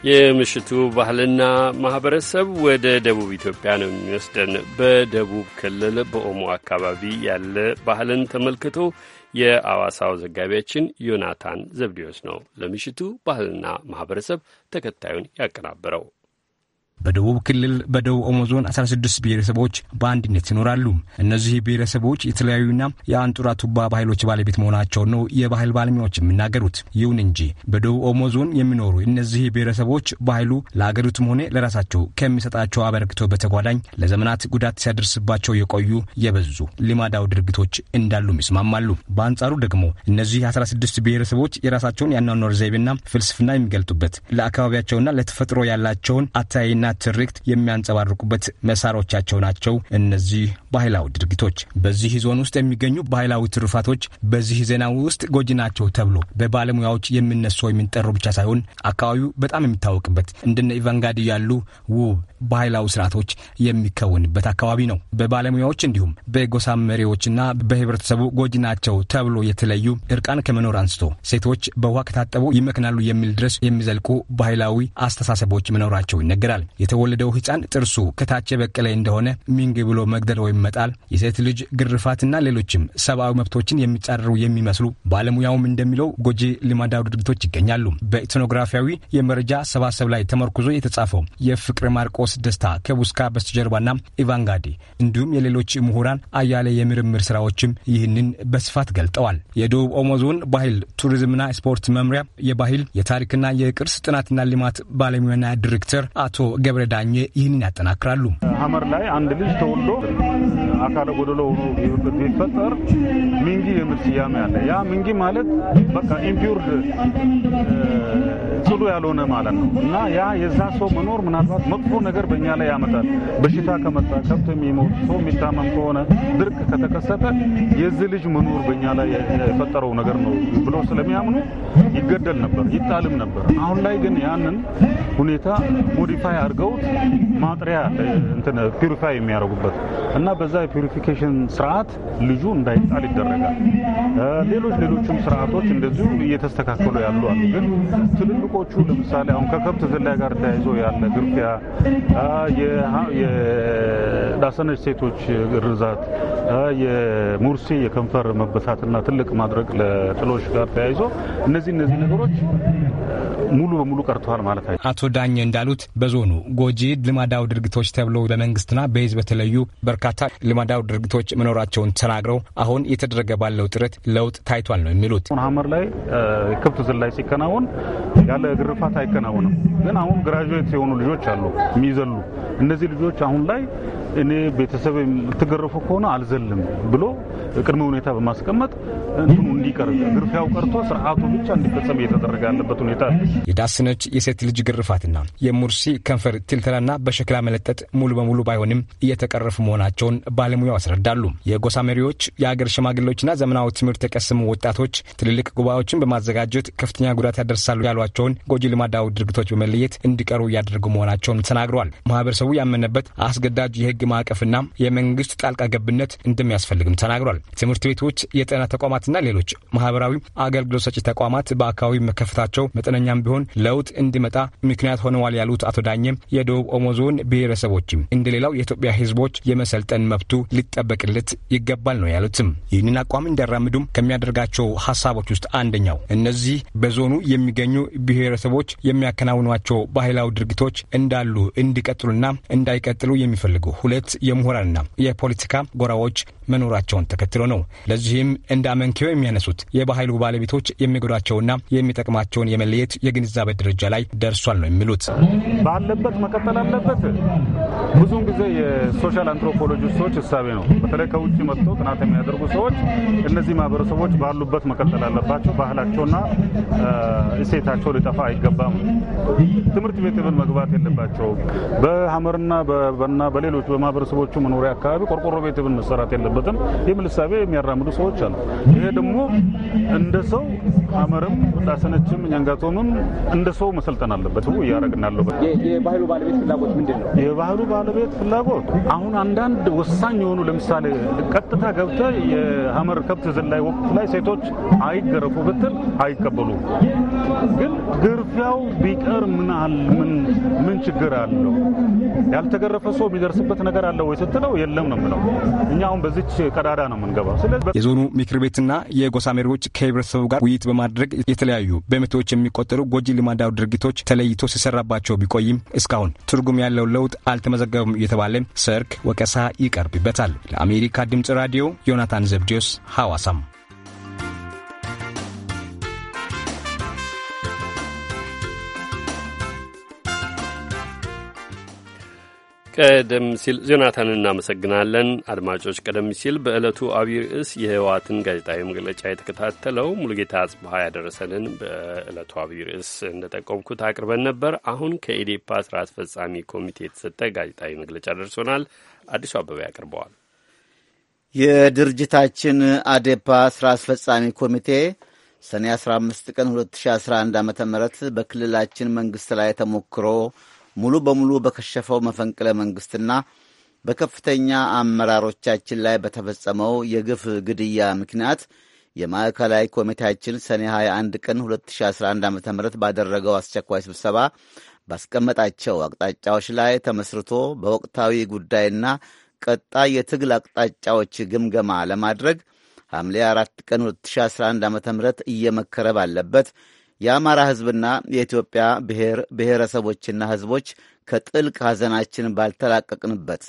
የምሽቱ ባህልና ማህበረሰብ ወደ ደቡብ ኢትዮጵያ ነው የሚወስደን። በደቡብ ክልል በኦሞ አካባቢ ያለ ባህልን ተመልክቶ የአዋሳው ዘጋቢያችን ዮናታን ዘብዲዮስ ነው ለምሽቱ ባህልና ማህበረሰብ ተከታዩን ያቀናበረው። በደቡብ ክልል በደቡብ ኦሞ ዞን 16 ብሔረሰቦች በአንድነት ይኖራሉ። እነዚህ ብሔረሰቦች የተለያዩና የአንጡራ ቱባ ባህሎች ባለቤት መሆናቸው ነው የባህል ባለሙያዎች የሚናገሩት። ይሁን እንጂ በደቡብ ኦሞ ዞን የሚኖሩ እነዚህ ብሔረሰቦች ባህሉ ለአገሪቱም ሆነ ለራሳቸው ከሚሰጣቸው አበርክቶ በተጓዳኝ ለዘመናት ጉዳት ሲያደርስባቸው የቆዩ የበዙ ልማዳዊ ድርጊቶች እንዳሉም ይስማማሉ። በአንጻሩ ደግሞ እነዚህ 16 ብሔረሰቦች የራሳቸውን የአኗኗር ዘይቤና ፍልስፍና የሚገልጡበት ለአካባቢያቸውና ለተፈጥሮ ያላቸውን አታይና ባህልና ትርክት የሚያንጸባርቁበት መሳሪያዎቻቸው ናቸው እነዚህ ባህላዊ ድርጊቶች። በዚህ ዞን ውስጥ የሚገኙ ባህላዊ ትሩፋቶች በዚህ ዜና ውስጥ ጎጂ ናቸው ተብሎ በባለሙያዎች የሚነሱ የሚጠሩ ብቻ ሳይሆን አካባቢው በጣም የሚታወቅበት እንደነ ኢቫንጋዲ ያሉ ውብ ባህላዊ ስርዓቶች የሚከወንበት አካባቢ ነው። በባለሙያዎች እንዲሁም በጎሳ መሪዎችና በህብረተሰቡ ጎጂ ናቸው ተብሎ የተለዩ እርቃን ከመኖር አንስቶ ሴቶች በውሃ ከታጠቡ ይመክናሉ የሚል ድረስ የሚዘልቁ ባህላዊ አስተሳሰቦች መኖራቸው ይነገራል። የተወለደው ህፃን ጥርሱ ከታች የበቀለ እንደሆነ ሚንግ ብሎ መግደል ወይም መጣል፣ የሴት ልጅ ግርፋትና ሌሎችም ሰብአዊ መብቶችን የሚጻረሩ የሚመስሉ ባለሙያውም እንደሚለው ጎጂ ልማዳዊ ድርጊቶች ይገኛሉ። በኢትኖግራፊያዊ የመረጃ ሰባሰብ ላይ ተመርኩዞ የተጻፈው የፍቅር ማርቆስ ደስታ ከቡስካ በስተጀርባና ኢቫንጋዲ እንዲሁም የሌሎች ምሁራን አያሌ የምርምር ስራዎችም ይህንን በስፋት ገልጠዋል። የደቡብ ኦሞ ዞን ባህል ቱሪዝምና ስፖርት መምሪያ የባህል የታሪክና የቅርስ ጥናትና ልማት ባለሙያና ዲሬክተር አቶ ገብረ ዳኘ ይህንን ያጠናክራሉ። ሀመር ላይ አንድ ልጅ ተወልዶ አካለ ጎደሎ ቢፈጠር ሚንጊ የሚል ስያሜ አለ። ያ ሚንጊ ማለት በቃ ኢምፒውር ጽሉ ያልሆነ ማለት ነው እና ያ የዛ ሰው መኖር ምናልባት መጥፎ ነገር በእኛ ላይ ያመጣል። በሽታ ከመጣ ከብት የሚሞት ሰው የሚታመም ከሆነ ድርቅ ከተከሰተ የዚህ ልጅ መኖር በእኛ ላይ የፈጠረው ነገር ነው ብሎ ስለሚያምኑ ይገደል ነበር፣ ይጣልም ነበር። አሁን ላይ ግን ያንን ሁኔታ ሞዲፋይ አድርገ አድርገውት ማጥሪያ እንትን ፒሪፋይ የሚያደርጉበት እና በዛ የፒሪፊኬሽን ስርዓት ልጁ እንዳይጣል ይደረጋል። ሌሎች ሌሎችም ስርዓቶች እንደዚሁ እየተስተካከሉ ያሉ አሉ። ግን ትልልቆቹ ለምሳሌ አሁን ከከብት ዝላይ ጋር ተያይዞ ያለ ግርፊያ፣ የዳሰነች ሴቶች ግርዛት፣ የሙርሲ የከንፈር መበሳትና ትልቅ ማድረግ ለጥሎች ጋር ተያይዞ እነዚህ እነዚህ ነገሮች ሙሉ በሙሉ ቀርተዋል ማለት አቶ ዳኘ እንዳሉት በዞኑ ጎጂ ልማዳዊ ድርጊቶች ተብሎ በመንግስትና በህዝብ በተለዩ በርካታ ልማዳዊ ድርጊቶች መኖራቸውን ተናግረው አሁን እየተደረገ ባለው ጥረት ለውጥ ታይቷል ነው የሚሉት። ሀመር ላይ የከብት ዝላይ ሲከናወን ያለ ግርፋት አይከናወንም። ግን አሁን ግራጁዌት የሆኑ ልጆች አሉ የሚዘሉ እነዚህ ልጆች አሁን ላይ እኔ ቤተሰብ የምትገረፉ ከሆነ አልዘልም ብሎ ቅድመ ሁኔታ በማስቀመጥ እንትኑ እንዲቀር ግርፊያው ቀርቶ ስርዓቱ ብቻ እንዲፈጸም እየተደረገ ያለበት ሁኔታ የዳስነች የሴት ልጅ ግርፋትና የሙርሲ ከንፈር ትልተላና በሸክላ መለጠጥ ሙሉ በሙሉ ባይሆንም እየተቀረፉ መሆናቸውን ባለሙያው ያስረዳሉ። የጎሳ መሪዎች፣ የአገር ሽማግሌዎችና ዘመናዊ ትምህርት የቀሰሙ ወጣቶች ትልልቅ ጉባኤዎችን በማዘጋጀት ከፍተኛ ጉዳት ያደርሳሉ ያሏቸውን ጎጂ ልማዳዊ ድርጊቶች በመለየት እንዲቀሩ እያደረጉ መሆናቸውን ተናግረዋል። ማህበረሰቡ ያመነበት አስገዳጅ የህግ ማዕቀፍና የመንግስት ጣልቃ ገብነት እንደሚያስፈልግም ተናግሯል። ትምህርት ቤቶች፣ የጤና ተቋማትና ሌሎች ማህበራዊ አገልግሎት ሰጪ ተቋማት በአካባቢ መከፈታቸው መጠነኛም ቢሆን ለውጥ እንዲመጣ ምክንያት ሆነዋል ያሉት አቶ ዳኘም የደቡብ ኦሞ ዞን ብሔረሰቦችም እንደሌላው የኢትዮጵያ ህዝቦች የመሰልጠን መብቱ ሊጠበቅለት ይገባል ነው ያሉትም። ይህንን አቋም እንዲያራምዱም ከሚያደርጋቸው ሀሳቦች ውስጥ አንደኛው እነዚህ በዞኑ የሚገኙ ብሔረሰቦች የሚያከናውኗቸው ባህላዊ ድርጊቶች እንዳሉ እንዲቀጥሉና እንዳይቀጥሉ የሚፈልጉ ሁለት የምሁራንና የፖለቲካ ጎራዎች መኖራቸውን ተከትሎ ነው። ለዚህም እንደ አመንኪዮ የሚያነሱት የባህሉ ባለቤቶች የሚጎዳቸውና የሚጠቅማቸውን የመለየት የግንዛቤ ደረጃ ላይ ደርሷል ነው የሚሉት። ባለበት መቀጠል አለበት። ብዙውን ጊዜ የሶሻል ሰዎች እሳቤ ነው። በተለይ ከውጭ መጥተው ጥናት የሚያደርጉ ሰዎች እነዚህ ማህበረሰቦች ባሉበት መቀጠል አለባቸው። ባህላቸውና እሴታቸው ሊጠፋ አይገባም። ትምህርት ቤት ብን መግባት የለባቸውም። በሀመርና በና በሌሎች በማህበረሰቦቹ መኖሪያ አካባቢ ቆርቆሮ ቤት ብን መሰራት የለበትም። ይህ ምልሳቤ የሚያራምዱ ሰዎች አሉ። ይሄ ደግሞ እንደ ሰው አመርም ዳሰነችም ኛንጋጦምም እንደ ሰው መሰልጠን አለበት። እያደረግን ያለበት የባህሉ ባለቤት ፍላጎት ምንድን ነው? የባህሉ ባለቤት ፍላጎት አሁን አንዳንድ ወሳኝ የሆኑ ለምሳሌ ቀጥታ ገብተ የሀመር ከብት ዝላይ ወቅት ላይ ሴቶች አይገረፉ ብትል አይቀበሉ። ግን ግርፊያው ቢቀር ምን ምን ችግር አለው? ያልተገረፈ ሰው የሚደርስበት ነገር አለ ወይ ስትለው የለም ነው የምለው። እኛ አሁን በዚች ቀዳዳ ነው የምንገባው። ስለዚህ የዞኑ ምክር ቤትና የጎሳ መሪዎች ከህብረተሰቡ ጋር ውይይት በማድረግ የተለያዩ በመቶዎች የሚቆጠሩ ጎጂ ልማዳዊ ድርጊቶች ተለይቶ ሲሰራባቸው ቢቆይም እስካሁን ትርጉም ያለው ለውጥ አልተመዘገበም እየተባለ ሰርክ ወቀሳ ይቀርብበታል። ለአሜሪካ ድምጽ ራዲዮ ዮናታን ዘብዲዮስ ሐዋሳም ቀደም ሲል ዮናታን እናመሰግናለን። አድማጮች፣ ቀደም ሲል በዕለቱ አብይ ርዕስ የህወሓትን ጋዜጣዊ መግለጫ የተከታተለው ሙሉጌታ አጽብሃ ያደረሰንን በዕለቱ አብይ ርዕስ እንደጠቆምኩት አቅርበን ነበር። አሁን ከኢዴፓ ስራ አስፈጻሚ ኮሚቴ የተሰጠ ጋዜጣዊ መግለጫ ደርሶናል። አዲሱ አበበ ያቀርበዋል። የድርጅታችን አዴፓ ስራ አስፈጻሚ ኮሚቴ ሰኔ 15 ቀን 2011 ዓ ም በክልላችን መንግሥት ላይ ተሞክሮ ሙሉ በሙሉ በከሸፈው መፈንቅለ መንግስትና በከፍተኛ አመራሮቻችን ላይ በተፈጸመው የግፍ ግድያ ምክንያት የማዕከላዊ ኮሚቴያችን ሰኔ 21 ቀን 2011 ዓ ም ባደረገው አስቸኳይ ስብሰባ ባስቀመጣቸው አቅጣጫዎች ላይ ተመስርቶ በወቅታዊ ጉዳይና ቀጣይ የትግል አቅጣጫዎች ግምገማ ለማድረግ ሐምሌ 4 ቀን 2011 ዓ ም እየመከረ ባለበት የአማራ ሕዝብና የኢትዮጵያ ብሔር ብሔረሰቦችና ሕዝቦች ከጥልቅ ሐዘናችን ባልተላቀቅንበት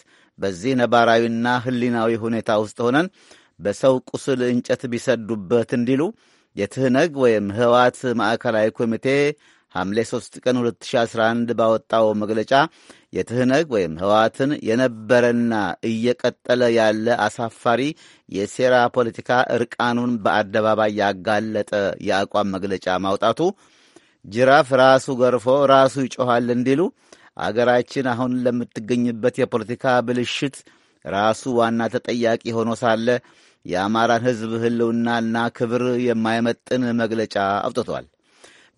በዚህ ነባራዊና ሕሊናዊ ሁኔታ ውስጥ ሆነን በሰው ቁስል እንጨት ቢሰዱበት እንዲሉ የትህነግ ወይም ህወሓት ማዕከላዊ ኮሚቴ ሐምሌ 3 ቀን 2011 ባወጣው መግለጫ የትህነግ ወይም ህወሓትን የነበረና እየቀጠለ ያለ አሳፋሪ የሴራ ፖለቲካ እርቃኑን በአደባባይ ያጋለጠ የአቋም መግለጫ ማውጣቱ ጅራፍ ራሱ ገርፎ ራሱ ይጮኋል እንዲሉ አገራችን አሁን ለምትገኝበት የፖለቲካ ብልሽት ራሱ ዋና ተጠያቂ ሆኖ ሳለ የአማራን ህዝብ ህልውናና ክብር የማይመጥን መግለጫ አውጥቷል።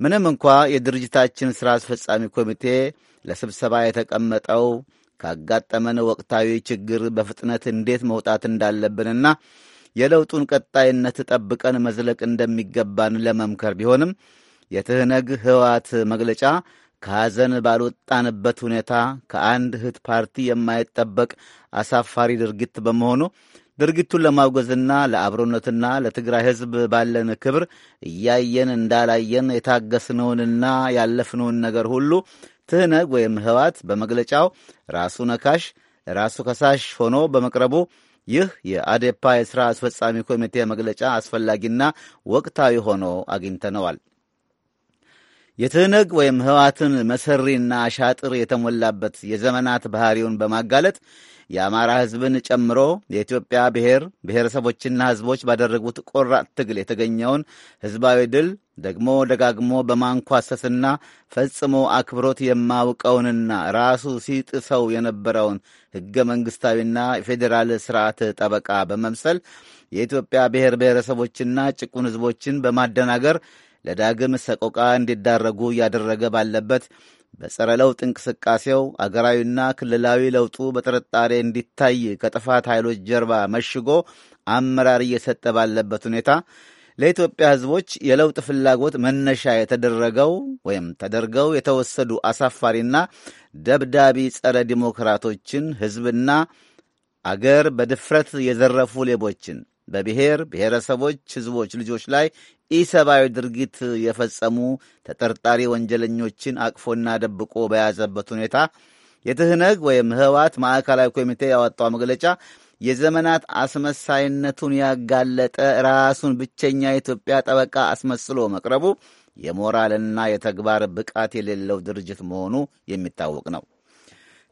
ምንም እንኳ የድርጅታችን ሥራ አስፈጻሚ ኮሚቴ ለስብሰባ የተቀመጠው ካጋጠመን ወቅታዊ ችግር በፍጥነት እንዴት መውጣት እንዳለብንና የለውጡን ቀጣይነት ጠብቀን መዝለቅ እንደሚገባን ለመምከር ቢሆንም የትህነግ ህወሓት መግለጫ ከሐዘን ባልወጣንበት ሁኔታ ከአንድ እህት ፓርቲ የማይጠበቅ አሳፋሪ ድርጊት በመሆኑ ድርጊቱን ለማውገዝና ለአብሮነትና ለትግራይ ሕዝብ ባለን ክብር እያየን እንዳላየን የታገስነውንና ያለፍነውን ነገር ሁሉ ትህነግ ወይም ህዋት በመግለጫው ራሱ ነካሽ ራሱ ከሳሽ ሆኖ በመቅረቡ ይህ የአዴፓ የሥራ አስፈጻሚ ኮሚቴ መግለጫ አስፈላጊና ወቅታዊ ሆኖ አግኝተነዋል። የትህነግ ወይም ህዋትን መሰሪና አሻጥር የተሞላበት የዘመናት ባህሪውን በማጋለጥ የአማራ ህዝብን ጨምሮ የኢትዮጵያ ብሔር ብሔረሰቦችና ህዝቦች ባደረጉት ቆራጥ ትግል የተገኘውን ህዝባዊ ድል ደግሞ ደጋግሞ በማንኳሰስና ፈጽሞ አክብሮት የማውቀውንና ራሱ ሲጥሰው የነበረውን ህገ መንግሥታዊና የፌዴራል ስርዓት ጠበቃ በመምሰል የኢትዮጵያ ብሔር ብሔረሰቦችና ጭቁን ህዝቦችን በማደናገር ለዳግም ሰቆቃ እንዲዳረጉ እያደረገ ባለበት በጸረ ለውጥ እንቅስቃሴው አገራዊና ክልላዊ ለውጡ በጥርጣሬ እንዲታይ ከጥፋት ኃይሎች ጀርባ መሽጎ አመራር እየሰጠ ባለበት ሁኔታ ለኢትዮጵያ ሕዝቦች የለውጥ ፍላጎት መነሻ የተደረገው ወይም ተደርገው የተወሰዱ አሳፋሪና ደብዳቢ ጸረ ዲሞክራቶችን ሕዝብና አገር በድፍረት የዘረፉ ሌቦችን በብሔር ብሔረሰቦች፣ ህዝቦች ልጆች ላይ ኢሰብአዊ ድርጊት የፈጸሙ ተጠርጣሪ ወንጀለኞችን አቅፎና ደብቆ በያዘበት ሁኔታ የትህነግ ወይም ህወሓት ማዕከላዊ ኮሚቴ ያወጣው መግለጫ የዘመናት አስመሳይነቱን ያጋለጠ ራሱን ብቸኛ የኢትዮጵያ ጠበቃ አስመስሎ መቅረቡ የሞራልና የተግባር ብቃት የሌለው ድርጅት መሆኑ የሚታወቅ ነው።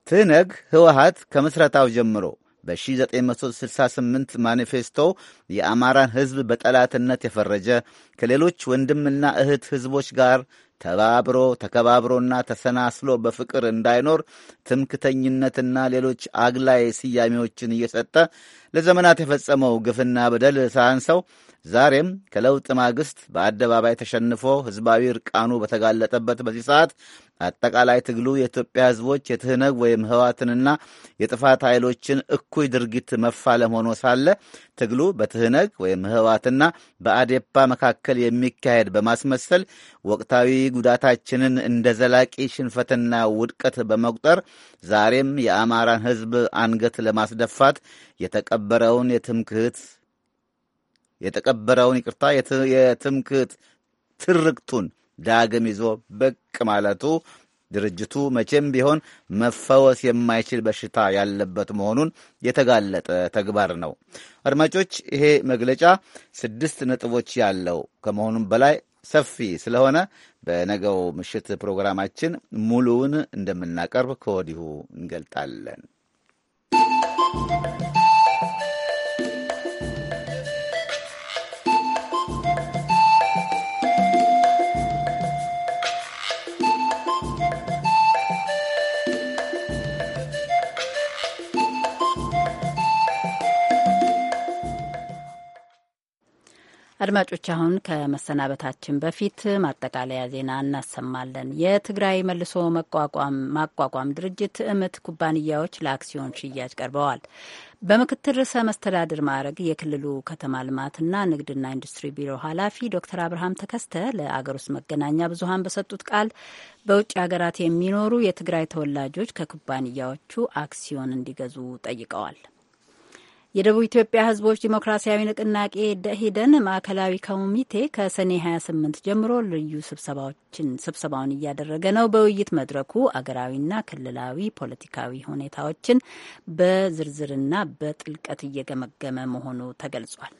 ትህነግ ህወሓት ከምስረታው ጀምሮ በ1968 ማኒፌስቶ የአማራን ሕዝብ በጠላትነት የፈረጀ ከሌሎች ወንድምና እህት ሕዝቦች ጋር ተባብሮ ተከባብሮና ተሰናስሎ በፍቅር እንዳይኖር ትምክተኝነትና ሌሎች አግላይ ስያሜዎችን እየሰጠ ለዘመናት የፈጸመው ግፍና በደል ሳያንሰው ዛሬም ከለውጥ ማግስት በአደባባይ ተሸንፎ ሕዝባዊ እርቃኑ በተጋለጠበት በዚህ ሰዓት አጠቃላይ ትግሉ የኢትዮጵያ ሕዝቦች የትህነግ ወይም ህዋትንና የጥፋት ኃይሎችን እኩይ ድርጊት መፋለም ሆኖ ሳለ ትግሉ በትህነግ ወይም ህዋትና በአዴፓ መካከል የሚካሄድ በማስመሰል ወቅታዊ ጉዳታችንን እንደ ዘላቂ ሽንፈትና ውድቀት በመቁጠር ዛሬም የአማራን ሕዝብ አንገት ለማስደፋት የተቀበረውን የትምክህት የተቀበረውን ይቅርታ፣ የትምክት ትርክቱን ዳግም ይዞ ብቅ ማለቱ ድርጅቱ መቼም ቢሆን መፈወስ የማይችል በሽታ ያለበት መሆኑን የተጋለጠ ተግባር ነው። አድማጮች፣ ይሄ መግለጫ ስድስት ነጥቦች ያለው ከመሆኑም በላይ ሰፊ ስለሆነ በነገው ምሽት ፕሮግራማችን ሙሉውን እንደምናቀርብ ከወዲሁ እንገልጣለን። አድማጮች አሁን ከመሰናበታችን በፊት ማጠቃለያ ዜና እናሰማለን። የትግራይ መልሶ ማቋቋም ድርጅት እምት ኩባንያዎች ለአክሲዮን ሽያጭ ቀርበዋል። በምክትል ርዕሰ መስተዳድር ማዕረግ የክልሉ ከተማ ልማትና ንግድና ኢንዱስትሪ ቢሮ ኃላፊ ዶክተር አብርሃም ተከስተ ለአገር ውስጥ መገናኛ ብዙኃን በሰጡት ቃል በውጭ ሀገራት የሚኖሩ የትግራይ ተወላጆች ከኩባንያዎቹ አክሲዮን እንዲገዙ ጠይቀዋል። የደቡብ ኢትዮጵያ ህዝቦች ዲሞክራሲያዊ ንቅናቄ ደኢህዴን ማዕከላዊ ኮሚቴ ከሰኔ 28 ጀምሮ ልዩ ስብሰባዎችን ስብሰባውን እያደረገ ነው። በውይይት መድረኩ አገራዊና ክልላዊ ፖለቲካዊ ሁኔታዎችን በዝርዝርና በጥልቀት እየገመገመ መሆኑ ተገልጿል።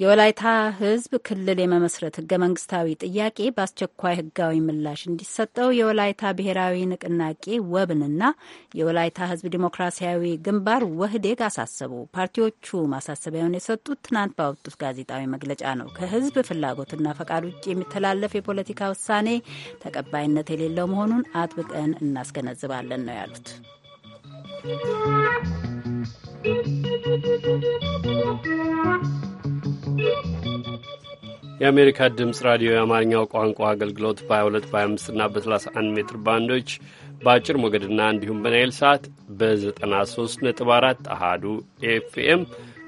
የወላይታ ህዝብ ክልል የመመስረት ህገ መንግስታዊ ጥያቄ በአስቸኳይ ህጋዊ ምላሽ እንዲሰጠው የወላይታ ብሔራዊ ንቅናቄ ወብንና የወላይታ ህዝብ ዲሞክራሲያዊ ግንባር ወህዴግ አሳሰቡ። ፓርቲዎቹ ማሳሰቢያውን የሰጡት ትናንት ባወጡት ጋዜጣዊ መግለጫ ነው። ከህዝብ ፍላጎትና ፈቃድ ውጭ የሚተላለፍ የፖለቲካ ውሳኔ ተቀባይነት የሌለው መሆኑን አጥብቀን እናስገነዝባለን ነው ያሉት። Thank you. የአሜሪካ ድምፅ ራዲዮ የአማርኛው ቋንቋ አገልግሎት በ22 በ25ና በ31 ሜትር ባንዶች በአጭር ሞገድና እንዲሁም በናይል ሰዓት በ93.4 አሃዱ ኤፍኤም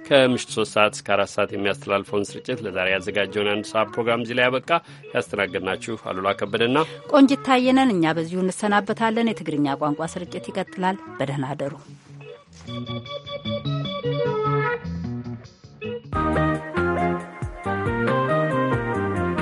ከምሽቱ 3 ሰዓት እስከ 4 ሰዓት የሚያስተላልፈውን ስርጭት ለዛሬ ያዘጋጀውን አንድ ሰዓት ፕሮግራም እዚህ ላይ ያበቃ። ያስተናገድናችሁ አሉላ ከበደና ቆንጅት ታየነን። እኛ በዚሁ እንሰናበታለን። የትግርኛ ቋንቋ ስርጭት ይቀጥላል። በደህና አደሩ። Thank you.